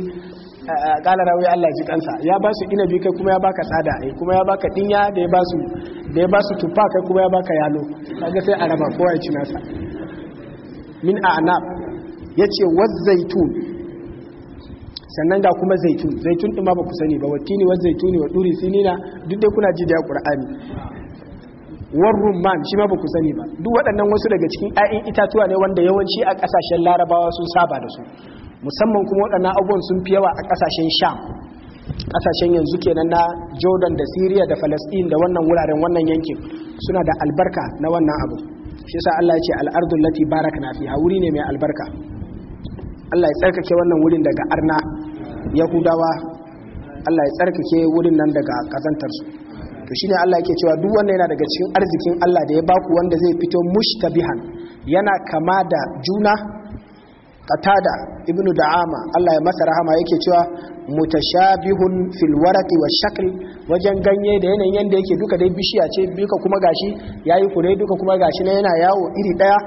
kala rawi Allah ji kansa ya ba su inabi kai kuma ya baka tsada eh kuma ya baka dinya da ya ba su da ya ba su tufa kai kuma ya baka yalo kaga sai a raba kowa ya ci nasa min a'nab yace wazzaitun sannan ga kuma zaitun zaitun din ma ba ku sani ba watini wazzaituni wa duri sinina duk dai kuna ji da Qur'ani war rumman shi ma ba ku sani ba duk waɗannan wasu daga cikin 'ya'yan itatuwa ne wanda yawanci a ƙasashen larabawa sun saba da su musamman kuma waɗannan abubuwan sun fi yawa a ƙasashen sham ƙasashen yanzu kenan na jordan da syria da palestine da wannan wuraren wannan yankin suna da albarka na wannan abu shi sa allah ya ce al'ardun lati na fiha wuri ne mai albarka allah ya tsarkake wannan wurin daga arna yahudawa allah ya tsarkake wurin nan daga ƙazantarsu to shine allah yake cewa duk wannan yana daga cikin arzikin allah da ya baku wanda zai fito mushtabihan yana kama da juna qatada ibnu da'ama Allah ya masa rahama yake cewa mutashabihun fil waraqi wa shakl wajen ganye da yanayin yanda yake duka dai bishiya ce duka kuma gashi yayi kure duka kuma gashi na yana yawo iri daya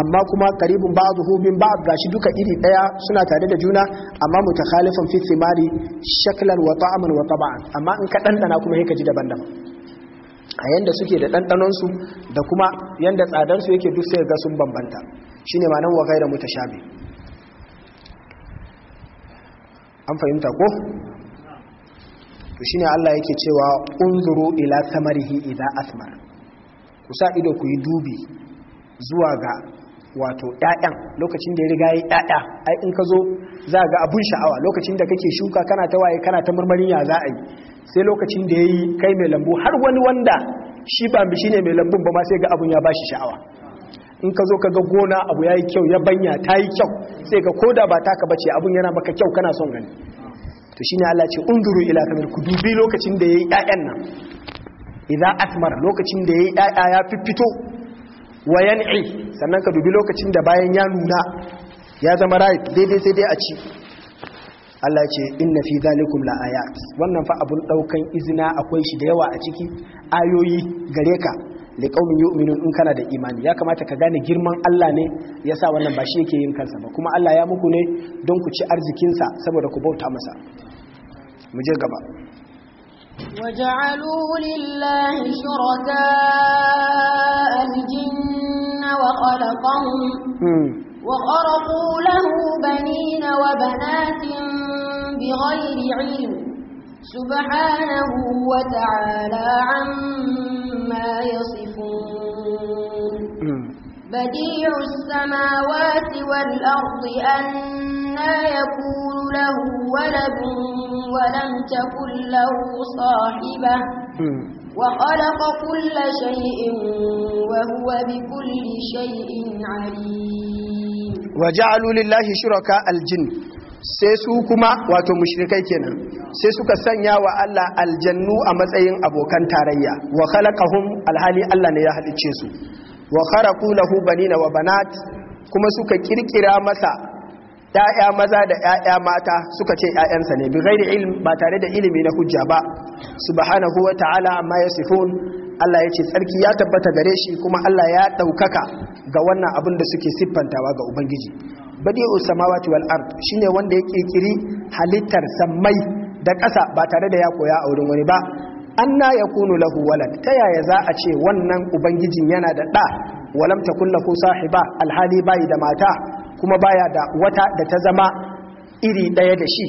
amma kuma qaribun ba'dhu min ba'd gashi duka iri daya suna tare da juna amma mutakhalifan fi thimari shaklan wa ta'aman wa tab'an amma in ka dandana kuma sai ka ji daban-daban a yanda suke da ɗanɗanonsu da kuma yanda su yake duk sai ga sun bambanta shine nan wa gaira mutashabi an fahimta ko to shine Allah yake cewa unzuru ila samarihi idza asmar ku sa ido ku yi dubi zuwa ga wato ɗaɗan lokacin da ya riga ya ɗaɗa, ai in ka zo za ga abun sha'awa lokacin da kake shuka kana ta waye kana ta marmarin ya za a yi sai lokacin da yayi kai mai lambu har wani wanda shi ba shi ne mai lambun ba ma sai ga abun ya ba shi sha'awa in ka zo ka ga gona abu ya yi kyau ya banya ta yi kyau sai ka koda ba ta ka bace abun yana maka kyau kana son gani to shi ne Allah ce unduru ila kamar ku dubi lokacin da yayi ƴaƴan nan idan atmar lokacin da yayi ƴaƴa ya fiffito wa yan'i sannan ka dubi lokacin da bayan ya nuna ya zama right daidai sai dai a ci Allah ce inna fi zalikum la ayat wannan fa abun daukan izina akwai shi da yawa a ciki ayoyi gare ka liqaumin yu'minun in kana da imani ya kamata ka gane girman Allah ne yasa wannan ba shi yake yin kansa ba kuma Allah ya muku ne don ku ci arzikin sa saboda ku bauta masa mu je gaba waja'alu lillahi shuraka al-jinna wa khalaqahum وخرقوا له بنين وبنات بغير علم سبحانه وتعالى عما يصفون بديع السماوات والأرض أنا يكون له ولد ولم تكن له صاحبة وخلق كل شيء وهو بكل شيء عليم وجعلوا لله شركاء الجن sai su kuma wato mushrikai kenan sai suka sanya wa Allah aljannu a matsayin abokan tarayya wa khalaqahum alhali Allah ne ya halice su wa kharaqu lahu banina wa banat kuma suka kirkira masa ‘ya'ya maza da ‘ya'ya mata suka ce ‘ya'yansa ne bi ghairi ilm ba tare da ilimi na hujja ba subhanahu wa ta'ala amma ya Allah ya ce tsarki ya tabbata gare shi kuma Allah ya ɗaukaka ga wannan abin da suke siffantawa ga Ubangiji badi'u samawati wal ard shine wanda ya kirkiri halittar sammai da ƙasa ba tare da ya koya a wurin wani ba anna yakunu lahu walad ta yaya za a ce wannan ubangijin yana da ɗa walam takun lahu sahiba alhali bai da mata kuma baya da wata da ta zama iri ɗaya da shi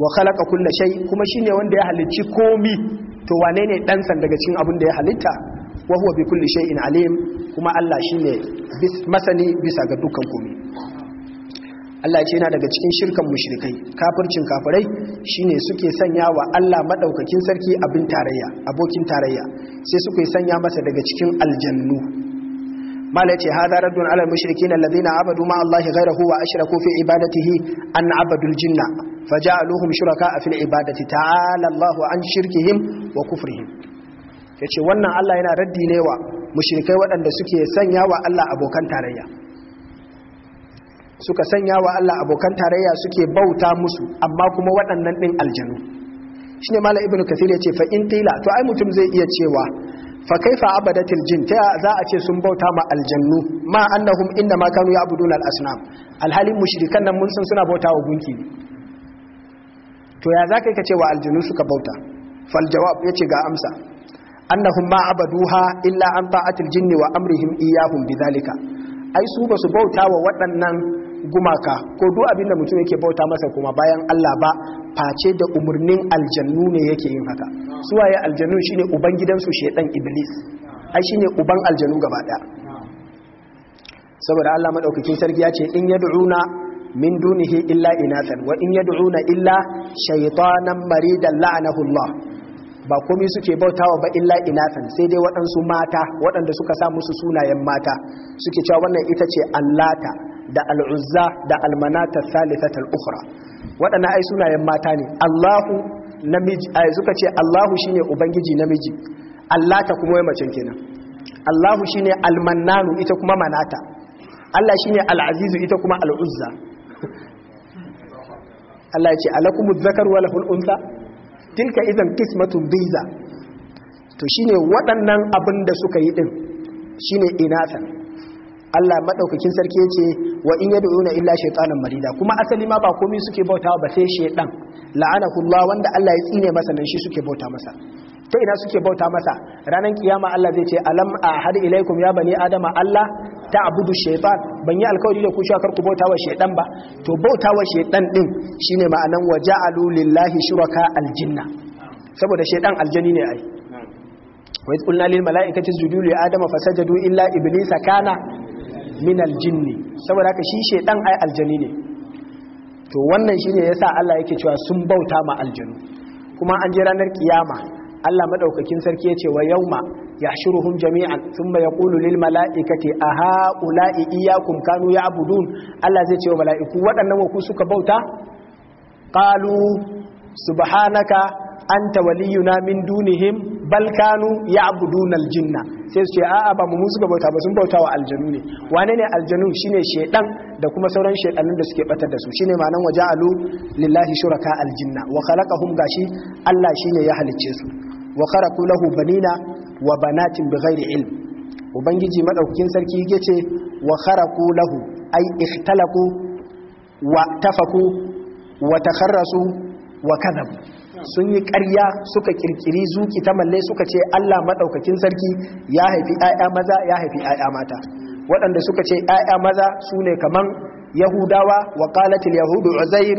wa khalaqa kulla shay kuma shine wanda ya halicci komi to wane ne san daga cikin abin da ya halitta wa huwa bi kulli shay'in alim kuma Allah shine masani bisa ga dukkan komai Allah ce yana daga cikin shirkan mushrikai kafircin kafirai shine suke sanya wa Allah madaukakin sarki abin tarayya abokin tarayya sai suke sanya masa daga cikin aljannu mala ce hada raddun ala mushrikin alladhina abadu ma Allah ghayrahu wa ashraku fi ibadatihi an abadul jinna faja'aluhum shuraka fil ibadati ta'ala an an shirkihim wa kufrihim ya ce wannan Allah yana raddi ne wa mushrikai waɗanda suke sanya wa Allah abokan tarayya suka sanya wa Allah abokan tarayya suke bauta musu amma kuma waɗannan ɗin aljanu shi ne mala ibn kathir ya ce fa in tila to ai mutum zai iya cewa fa kaifa abadatil jin ta za a ce sun bauta ma aljannu ma annahum inda ma kanu ya'buduna al-asnam alhalin mushrikan nan mun san suna bauta wa gunki to ya za ka ce wa aljannu suka bauta fal jawab yace ga amsa annahum ma abaduha illa an ta'atil jinni wa amrihim iyahum bidhalika ai su ba su bauta wa waɗannan gumaka ko duk abinda mutum yake bauta masa kuma bayan Allah ba face da umurnin aljannu ne yake yin haka su waye aljannu shine uban gidansu shedan iblis ai shine uban aljannu gaba daya saboda Allah madaukakin sarki ya ce in yad'una min dunihi illa inathan wa in yad'una illa shaytanan maridan la'anahu Allah ba komai suke bautawa ba illa inatan sai dai waɗansu mata waɗanda suka sa musu sunayen mata suke cewa wannan ita ce allata da al'uzza da almanata thalithatal ukhra waɗannan ai sunayen mata ne allahu namiji ai suka ce allahu shine ubangiji namiji allata kuma wai macen kenan allahu shine almannanu ita kuma manata allah shine al'azizu ita kuma al'uzza Allah ya ce alakumuz zakar wa lahul tilka idan kismatun biza to shine waɗannan abin da suka yi ɗin shine inatan Allah maɗaukakin sarki ce wa in yad'una illa shaytanan marida kuma asali ma ba komi suke bauta ba sai shaytan La'ana Allah wanda Allah ya tsine masa nan shi suke bauta masa ta ina suke bauta masa ranar kiyama Allah zai ce alam a 'Hadi ilaikum ya bani adama Allah ta abudu shaitan ban yi alkawari da ku cewa bauta wa shaitan ba to bauta wa shaitan din ne ma'anan wa ja'alu lillahi shuraka aljinna saboda shaitan aljani ne ai wa yi qulna lil mala'ikati isjudu li adama fasajadu illa iblisa kana min aljinni saboda haka shi shaitan ai aljani ne to wannan shine yasa Allah yake cewa sun bauta ma aljanu kuma an je ranar kiyama Allah madaukakin sarki ya ce wa yauma ya hun jami'an thumma Kulu lil mala'ikati aha ha'ula'i iyyakum kanu ya'budun Allah zai ce wa mala'iku waɗannan ku suka bauta qalu subhanaka anta waliyuna min dunihim bal kanu ya'buduna aljinna sai su ce a'a ba mu suka bauta ba sun bauta wa aljanu ne wane ne aljanu shine shedan da kuma sauran shedanun da suke batar da su shine ma'anan waja'alu lillahi shuraka aljinna wa khalaqahum gashi Allah shine ya halicce su wa ko lahu banina wa banatin ghairi ilm ubangiji madaukakin sarki yace wa kharaqu lahu ay ikhtalaqu wa tafaku wa takharrasu wa kadhabu sun yi ƙarya suka kirkiri zuki ta malle suka ce Allah madaukakin sarki ya haifi 'ya'ya maza ya haifi 'ya'ya mata waɗanda suka ce 'ya'ya maza sune kaman yahudawa wa qalatil yahudu uzair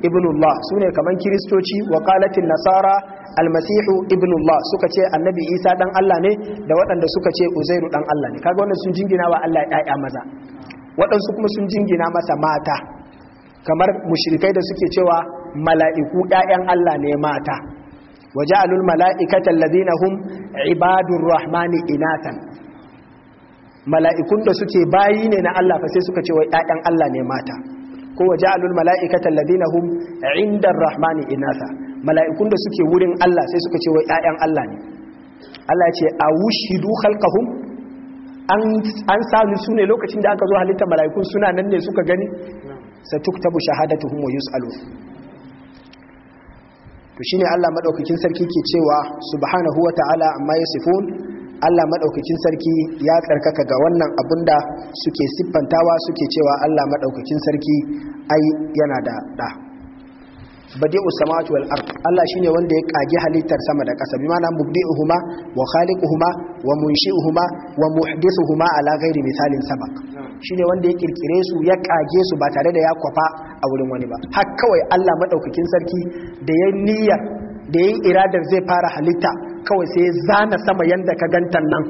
ibnullah su ne kamar kiristoci wa qalatil nasara almasihu ibnullah suka ce annabi isa dan Allah ne da waɗanda suka ce uzairu dan Allah ne kaga wannan sun jingina wa Allah ya maza waɗansu kuma sun jingina masa mata kamar mushrikai da suke cewa mala'iku ƴaƴan Allah ne mata ja'alul mala'ikata alladhina hum ibadur rahmani inatan mala'ikun da suke bayi ne na Allah fa sai suka ce wa 'ya'yan Allah ne mata ko waje alul mala'ikata alladhina hum indar rahmani inasa mala'ikun da suke wurin Allah sai suka ce wa 'ya'yan Allah ne Allah ya ce awushidu khalqahum an an sami su ne lokacin da aka zo halitta mala'ikun suna nan ne suka gani satuktabu shahadatuhum wa yus'alun to shine Allah madaukakin sarki ke cewa subhanahu ta'ala amma yasifun Allah maɗaukakin sarki ya tsarkaka ga wannan abun da suke siffantawa suke cewa Allah maɗaukakin sarki ai yana da ɗa badi'u usamatu wal ard Allah shine wanda ya kage halittar sama da ƙasa bima nan mubdi'uhuma wa khaliquhuma wa munshi'uhuma wa muhdithuhuma ala ghairi misalin sabaq shine wanda ya kirkire su ya kage su ba tare da ya kwafa a wurin wani ba har kawai Allah madaukakin sarki da ya niyyar da yayin iradar zai fara halitta kawai sai ya zana sama yadda ka ganta nan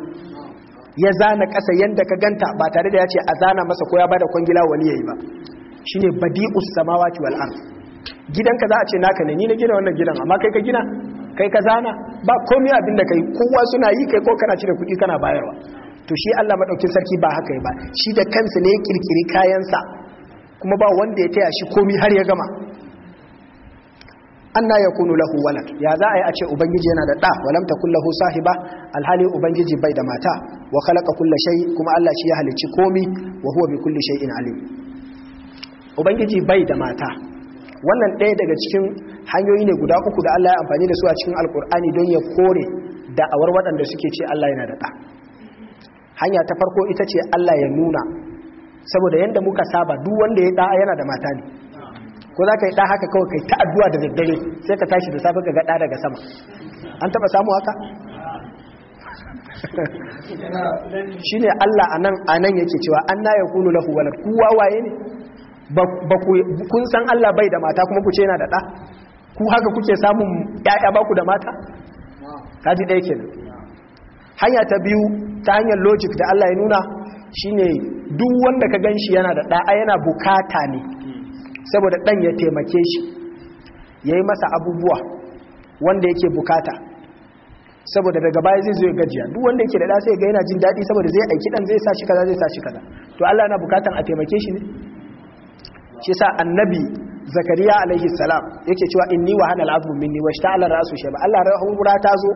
ya zana kasa yadda ka ganta ba tare da ya ce a zana masa ko ya bada kwangila wani yayi ba shine badi'us samawati wal Gidan gidanka za a ce naka ne ni na gina wannan gidan amma kai ka gina kai ka zana ba komi abin da kai kowa suna yi kai ko kana cire kuɗi kana bayarwa to shi Allah maɗaukin sarki ba haka ba shi da kansa ne ya kirkiri kayansa kuma ba wanda ya taya shi komi har ya gama anna yakunu lahu walad ya za a yi a ce ubangiji yana da da walam takul lahu sahiba alhali ubangiji bai da mata wa khalaqa kulla shay kuma Allah shi ya halicci komi wa huwa bi kulli shay'in alim ubangiji bai da mata wannan ɗaya daga cikin hanyoyi ne guda uku da Allah ya amfani da su a cikin alkur'ani don ya kore da da'awar waɗanda suke ce Allah yana da ɗa hanya ta farko ita ce Allah ya nuna saboda yanda muka saba duk wanda ya da yana da mata ne ko za ka yi ɗa haka kawai kai ta addu'a da daddare sai ka tashi da safe ka ga ɗa daga sama an taɓa samu haka shi ne Allah a nan yake cewa an na ya kunu lahu walad kuwa waye ne kun san Allah bai da mata kuma ku ce yana da ɗa ku haka kuke samun ƴaƴa ba ku da mata ka ji ɗaya kenan hanya ta biyu ta hanyar logic da Allah ya nuna shine duk wanda ka gan shi yana da ɗa yana bukata ne saboda ɗan ya taimake shi ya yi masa abubuwa wanda yake bukata saboda daga baya zai zo ya gajiya duk wanda yake da ɗa sai ga yana jin daɗi saboda zai aiki ɗan zai sa shi kaza zai sa shi kaza to Allah na bukatan a taimake shi ne shi sa annabi zakariya alaihi salam yake cewa inni wa hana al'azmu minni wa shta'ala ra'su shayba Allah wura ta zo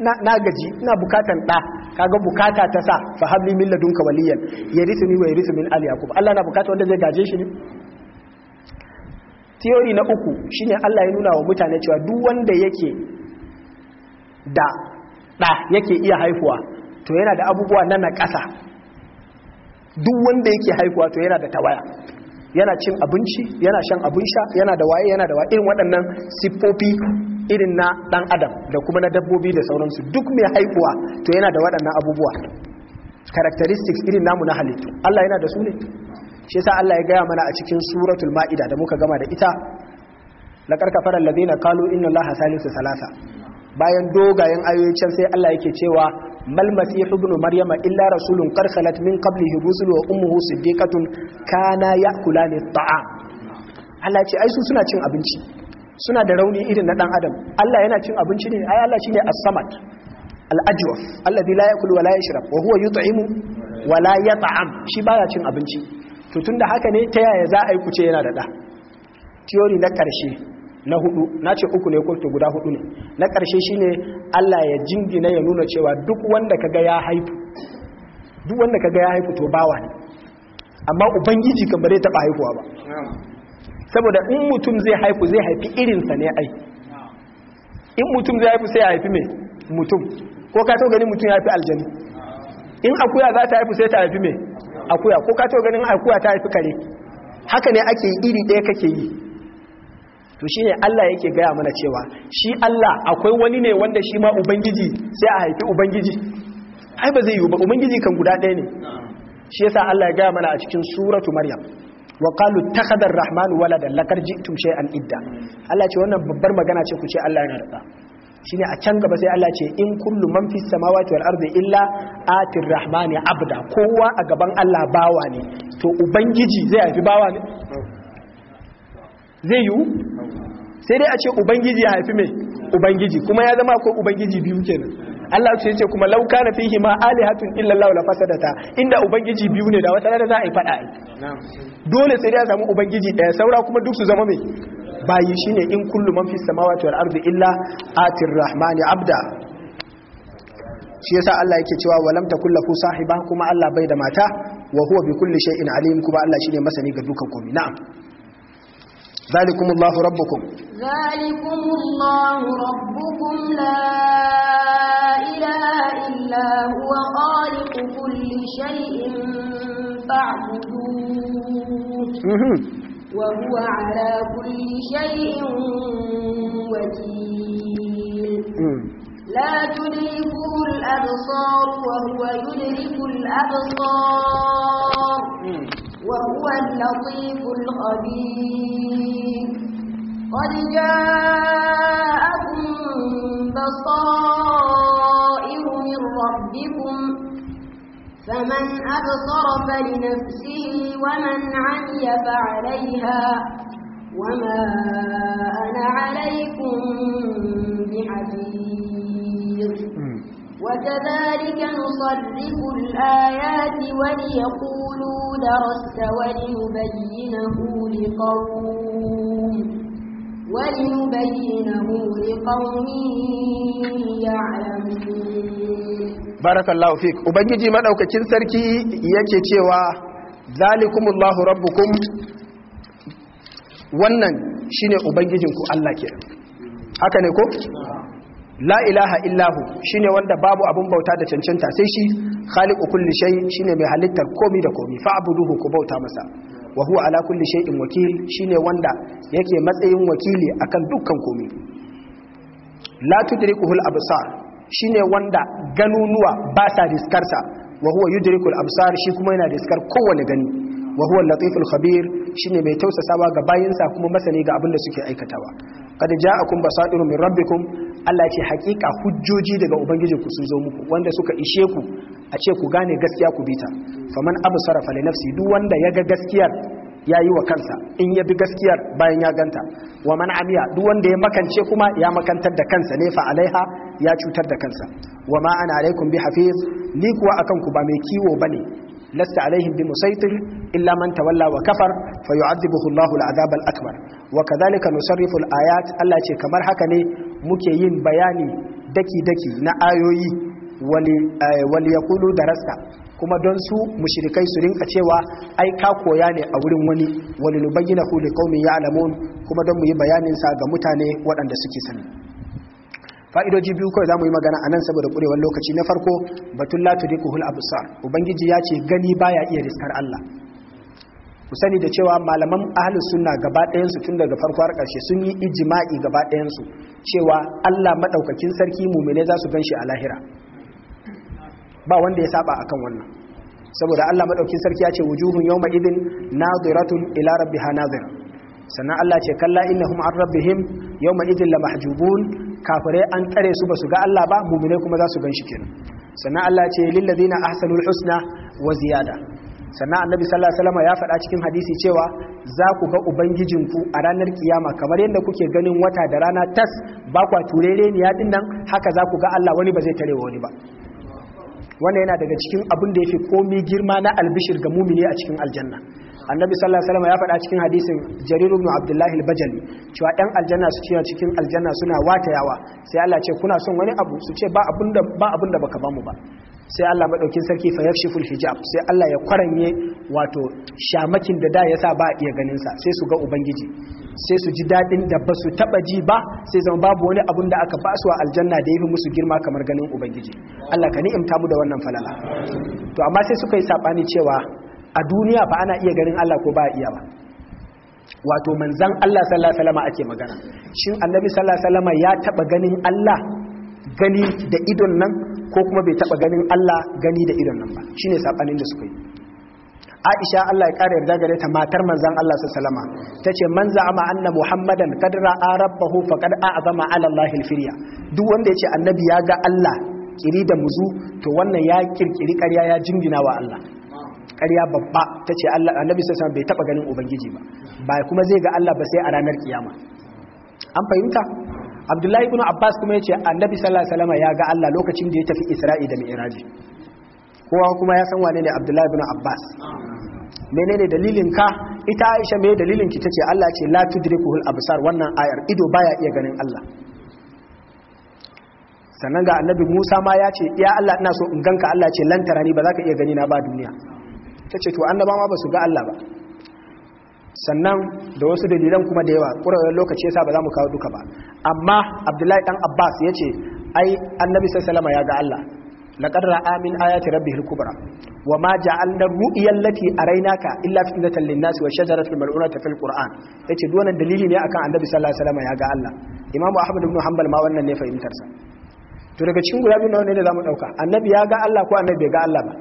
na gaji ina bukatan ɗa kaga bukata ta sa fa habli min ladunka waliyan yarithuni wa yarithu min ali yaqub Allah na bukata wanda zai gaje shi ne theory na uku shine Allah ya nuna wa mutane cewa duk wanda yake da da yake iya haifuwa to yana da abubuwa na nakasa duk wanda yake haifuwa to yana da tawaya yana cin abinci yana shan abin sha yana da waye yana da waye irin waɗannan siffofi irin na ɗan adam da kuma na dabbobi da sauransu duk mai haifuwa to yana da waɗannan abubuwa characteristics irin namu na halittu Allah yana da su ne shi Allah ya gaya mana a cikin suratul ma'ida da muka gama da ita laqad kafara alladhina qalu inna allaha salisu salasa bayan dogayen ayoyi can sai Allah yake cewa mal masihu ibn maryama illa rasulun qad min qablihi rusul wa ummuhu siddiqatun kana ya'kulani at'am Allah ce ai su suna cin abinci suna da rauni irin na dan adam Allah yana cin abinci ne ai Allah shine as-samad al-ajwaf alladhi la ya'kulu wa la yashrab wa huwa yut'imu wa la yat'am shi baya cin abinci to tunda haka ne ta yaya za a yi kuce yana da ɗa tiyori na ƙarshe na hudu na ce uku ne kurtu guda hudu ne na ƙarshe ne Allah ya jingina ya nuna cewa duk wanda kaga ya haifu duk wanda kaga ya haifu to bawa ne amma ubangiji kan bare taɓa haifuwa ba saboda in mutum zai haifu zai haifi irinsa ne ai in mutum zai haifu sai ya haifi mai mutum ko ka so gani mutum ya haifi aljani in akuya za ta haifu sai ta haifi mai akuya ko ka taɓa ganin akuya ta haifi kare haka ne ake iri ɗaya kake yi to shine Allah yake gaya mana cewa shi Allah akwai wani ne wanda shi ma ubangiji sai a haifi ubangiji ai ba zai yi ba ubangiji kan guda ɗaya ne shi yasa Allah ya gaya mana a cikin suratu maryam wa qalu takhadar rahmanu walada lakarji ji'tum shay'an idda Allah ce wannan babbar magana ce ku ce Allah yana da shine a can gaba sai Allah ce in kullu man fis samawati wal ardi illa atir rahmani abda kowa a gaban Allah bawa ne to ubangiji zai haifi bawa ne zai yi sai dai a ce ubangiji ya haifi mai ubangiji kuma ya zama akwai ubangiji biyu kenan Allah ya ce kuma law kana fihi ma alihatun illa Allah la fasadata inda ubangiji biyu ne da wata rana za a yi fada dole sai dai a samu ubangiji daya saura kuma duk su zama mai bayi shine in kullu man fi samawati wal ardi illa atir rahmani abda shi yasa Allah yake cewa walam takul sahiba kuma Allah bai da mata wa huwa bi kulli shay'in alim kuma Allah shine masani ga dukan komai na'am ذلكم الله ربكم ذلكم الله ربكم لا إله إلا هو خالق كل شيء فاعبدوه وهو على كل شيء وكيل لا تدركه الأبصار وهو يدرك الأبصار وهو اللطيف الخبير قد جاءكم بصائر من ربكم فمن أبصر فلنفسه ومن عمي فعليها وما أنا عليكم بحفيظ وكذلك نصرف الآيات وليقولوا درست وليبينه لقوم وليبينه لقوم يعلمون barakallahu fik ubangiji madaukakin sarki yake cewa zalikumullahu rabbukum wannan shine ubangijinku Allah ke haka ne ko la ilaha illahu shine wanda babu abun bauta da cancanta sai shi khaliqu kulli shay shine mai halittar komi da komi fa'buduhu ku bauta masa wa huwa ala kulli shay'in wakil shine wanda yake matsayin wakili akan dukkan komi la tudrikuhu al-absar shine wanda ganunuwa ba sa riskarsa wa huwa yudrikul absar shi kuma yana riskar kowane gani wa huwa latiful khabir ne mai tausasawa ga bayinsa kuma masani ga abin da suke aikatawa kad ja'akum basairu min rabbikum Allah ya ce hakika hujjoji daga ubangijinku sun zo muku wanda suka ishe ku a ce ku gane gaskiya ku bita faman absara fa li nafsi duk wanda ya ga gaskiyar ya yi wa kansa in ya bi gaskiyar bayan ya ganta wa man amiya duk wanda ya makance kuma ya makantar da kansa ne fa alaiha ya cutar da kansa wa ma ana alaikum bi hafiz ni kuwa akan ku ba mai kiwo bane lasta alaihim bi musaitir illa man tawalla wa kafar fa yu'adhibuhu Allahu al'adab al-akbar wa kadhalika nusarrifu al-ayat Allah ce kamar haka ne muke yin bayani daki daki na ayoyi wali eh, wali yaqulu darasta kuma don su mushirikai su rinka cewa ai ka koya ne a wurin wani wani nubayyana hu kaumin ya alamun kuma don mu yi bayanin sa ga mutane waɗanda suke sani fa'idoji biyu kawai za mu yi magana a nan saboda ƙurewar lokaci na farko batul la tudikuhul Abusar, ubangiji ya ce gani baya iya riskar Allah ku sani da cewa malaman ahalin sunna gaba ɗayansu tun daga farko har ƙarshe sun yi ijima'i gaba ɗayansu cewa Allah maɗaukakin sarki mu'mine za su shi a lahira ba wanda ya saba akan wannan saboda Allah madaukin sarki ya ce wujuhun yawma idin nadiratun ila rabbiha nadir sannan Allah ce kalla innahum an rabbihim yawma idin lamahjubun kafirai an tsare su basu ga Allah ba mumine kuma za su ganshi kenan sannan Allah ce lil ladina al husna wa ziyada sannan annabi sallallahu alaihi wasallam ya faɗa cikin hadisi cewa za ku ga ubangijinku a ranar kiyama kamar yadda kuke ganin wata da rana tas ba kwa ya dinnan haka za ku ga Allah wani ba zai tarewa wani ba wannan yana daga cikin abin da ya fi komi girma na albishir ga mumini a cikin aljanna annabi sallallahu alaihi wasallam ya faɗa cikin hadisin jarir ibn abdullahi al-bajali cewa ɗan aljanna su ce cikin aljanna suna watayawa sai Allah ce kuna son wani abu su ce ba abun da ba abin baka bamu ba sai Allah madaukin sarki fa yakshiful hijab sai Allah ya kwaranye wato shamakin da da yasa ba a iya ganin sa sai su ga ubangiji sai su ji daɗin da ba su taɓa ji ba sai zama babu wani abun da aka ba su a aljanna da ya fi musu girma kamar ganin ubangiji Allah ka ni'imta mu da wannan falala to amma sai suka yi saɓani cewa a duniya ba ana iya ganin Allah ko ba a iya ba wato manzan Allah sallallahu alaihi wasallam ake magana shin annabi sallallahu ya taɓa ganin Allah gani da idon nan ko kuma bai taɓa ganin Allah gani da idon nan ba ne saɓanin da suka yi Aisha Allah ya kare yarda gare ta matar manzon Allah Ta tace man za'ama anna Muhammadan kadra ra'a rabbahu faqad a'zama 'ala Allah al-firya duk wanda yace annabi ya ga Allah kiri da muzu to wannan ya kirkiri ƙarya ya jingina wa Allah ƙarya babba tace Allah annabi sallallahu bai taba ganin ubangiji ba ba kuma zai ga Allah ba sai a ranar kiyama an fahimta Abdullahi ibn Abbas kuma yace annabi sallallahu alaihi wasallam ya ga Allah lokacin da ya tafi Isra'i da Mi'raji kowa kuma ya san wane ne abdullahi bin abbas menene dalilin ka ita aisha mai dalilin ki tace Allah ce la hul absar wannan ayar ido baya iya ganin Allah sannan ga annabi Musa ma ya ce ya Allah ina so in ganka Allah ce lan tarani ba za ka iya gani na ba duniya tace to annaba ma ba su ga Allah ba sannan da wasu dalilan kuma da yawa ƙurarren lokaci yasa ba za mu kawo duka ba amma abdullahi dan abbas ya ce ai annabi sai salama ya ga allah laqad ra'a min ayati rabbihil kubra wa ma ja'alna ru'ya allati araynaka illa fitnatan lin-nasi wa shajaratul mal'unata fil qur'an yace duk wannan dalili ne akan annabi sallallahu alaihi wasallam ya ga Allah imam ahmad ibn ma wannan ne fahimtar sa to daga cikin guda biyu ne da zamu dauka annabi ya ga Allah ko annabi bai ga Allah ba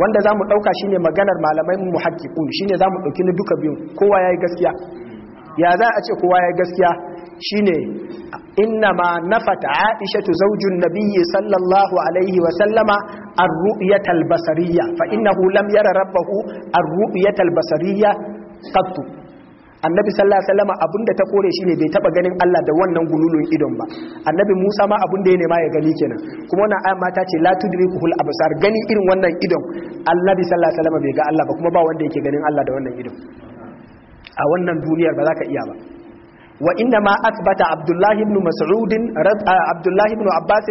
wanda zamu ɗauka shine maganar malamai muhaddiqun shine zamu dauki na duka biyun kowa yayi gaskiya ya za a ce kowa yayi gaskiya shine nafata إنما نفت عائشة زوج النبي صلى الله عليه وسلم الرؤية البصرية فإنه لم ير ربه الرؤية basariyya qattu annabi sallallahu alaihi sallama abunda ta kore shine bai taba ganin Allah da wannan gululun idon ba annabi Musa ma abinda ya nema ya gani kenan kuma wannan ayat mata ce la hul absar gani irin wannan idon annabi sallallahu alaihi sallama bai ga Allah ba kuma ba wanda yake ganin Allah da wannan idon a wannan duniyar ba za ka iya ba wa inna ma asbata abdullahi ibn mas'ud ah, abdullahi ibn abbas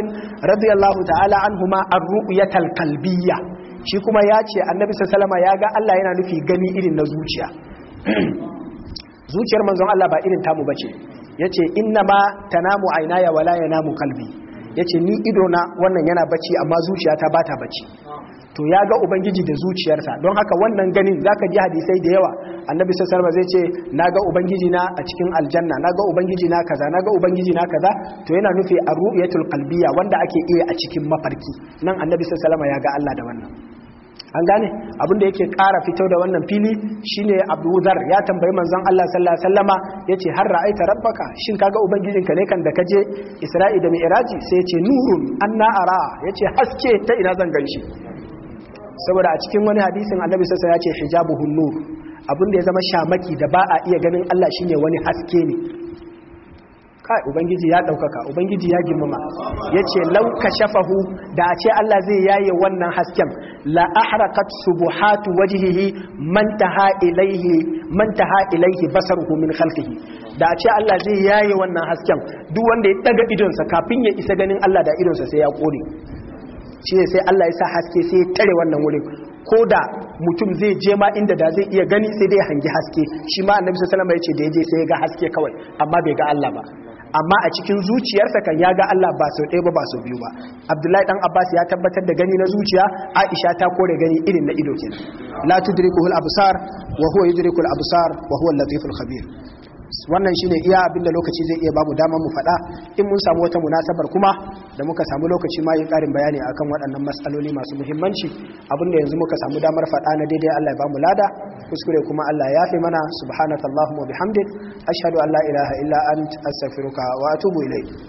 radiyallahu ta'ala anhuma ar-ru'yatal qalbiyya shi kuma ya ce annabi sallallahu alaihi ya ga Allah yana nufi gani irin na zuciya zuciyar manzon Allah ba irin tamu bace yace inna ma tanamu aynaya wala yanamu qalbi yace ni ido na wannan yana bacci amma zuciyata bata bacci to ya ga ubangiji da zuciyarsa don haka wannan ganin za ka ji hadisai da yawa annabi sallallahu zai ce na ga ubangiji na a cikin aljanna na ga ubangiji na kaza na ga ubangiji na kaza to yana nufi a ru'yatul qalbiyya wanda ake iya a cikin mafarki nan annabi sallallahu alaihi ya ga Allah da wannan an gane abin da yake kara fito da wannan fili shine Abu zar ya tambayi manzon Allah sallallahu alaihi wasallama yace har ra'aita rabbaka shin kaga ka ne kan da kaje Isra'i da Mi'raji sai yace nurun anna ara yace haske ta ina zan ganshi saboda a cikin wani hadisin annabi sassa ya ce hijabu nur abinda ya zama shamaki da ba a iya ganin Allah shine wani haske ne kai ubangiji ya daukaka ubangiji ya girmama yace lauka shafahu! da a ce Allah zai yaye wannan hasken la ahraqat subuhatu wajhihi man taha ilayhi man taha ilayhi basaruhu min da a ce Allah zai yaye wannan hasken duk wanda ya daga idonsa kafin ya isa ganin Allah da idonsa sai ya kore shi ne sai Allah ya sa haske sai ya tare wannan wurin ko da mutum zai je ma inda da zai iya gani sai dai hangi haske shi ma annabi sallallahu alaihi wasallam ya ce da ya je sai ya ga haske kawai amma bai ga Allah ba amma a cikin zuciyarsa kan ya ga Allah ba sau ɗaya ba ba sau biyu ba Abdullahi dan Abbas ya tabbatar da gani na zuciya Aisha ta kore gani irin na ido kenan la tudrikuhul absar wa huwa yudrikul absar wa huwa al-latiful khabir wannan shine iya abin da lokaci zai iya babu damar mu faɗa in mun samu wata munasabar kuma da muka samu lokaci ma yin ƙarin bayani akan waɗannan matsaloli masu muhimmanci abinda da yanzu muka samu damar faɗa na daidai Allah ya bamu lada kuskure kuma Allah ya yafe mana subhanakallahumma bihamdik ashhadu an la ilaha illa ant astaghfiruka wa atubu ilayk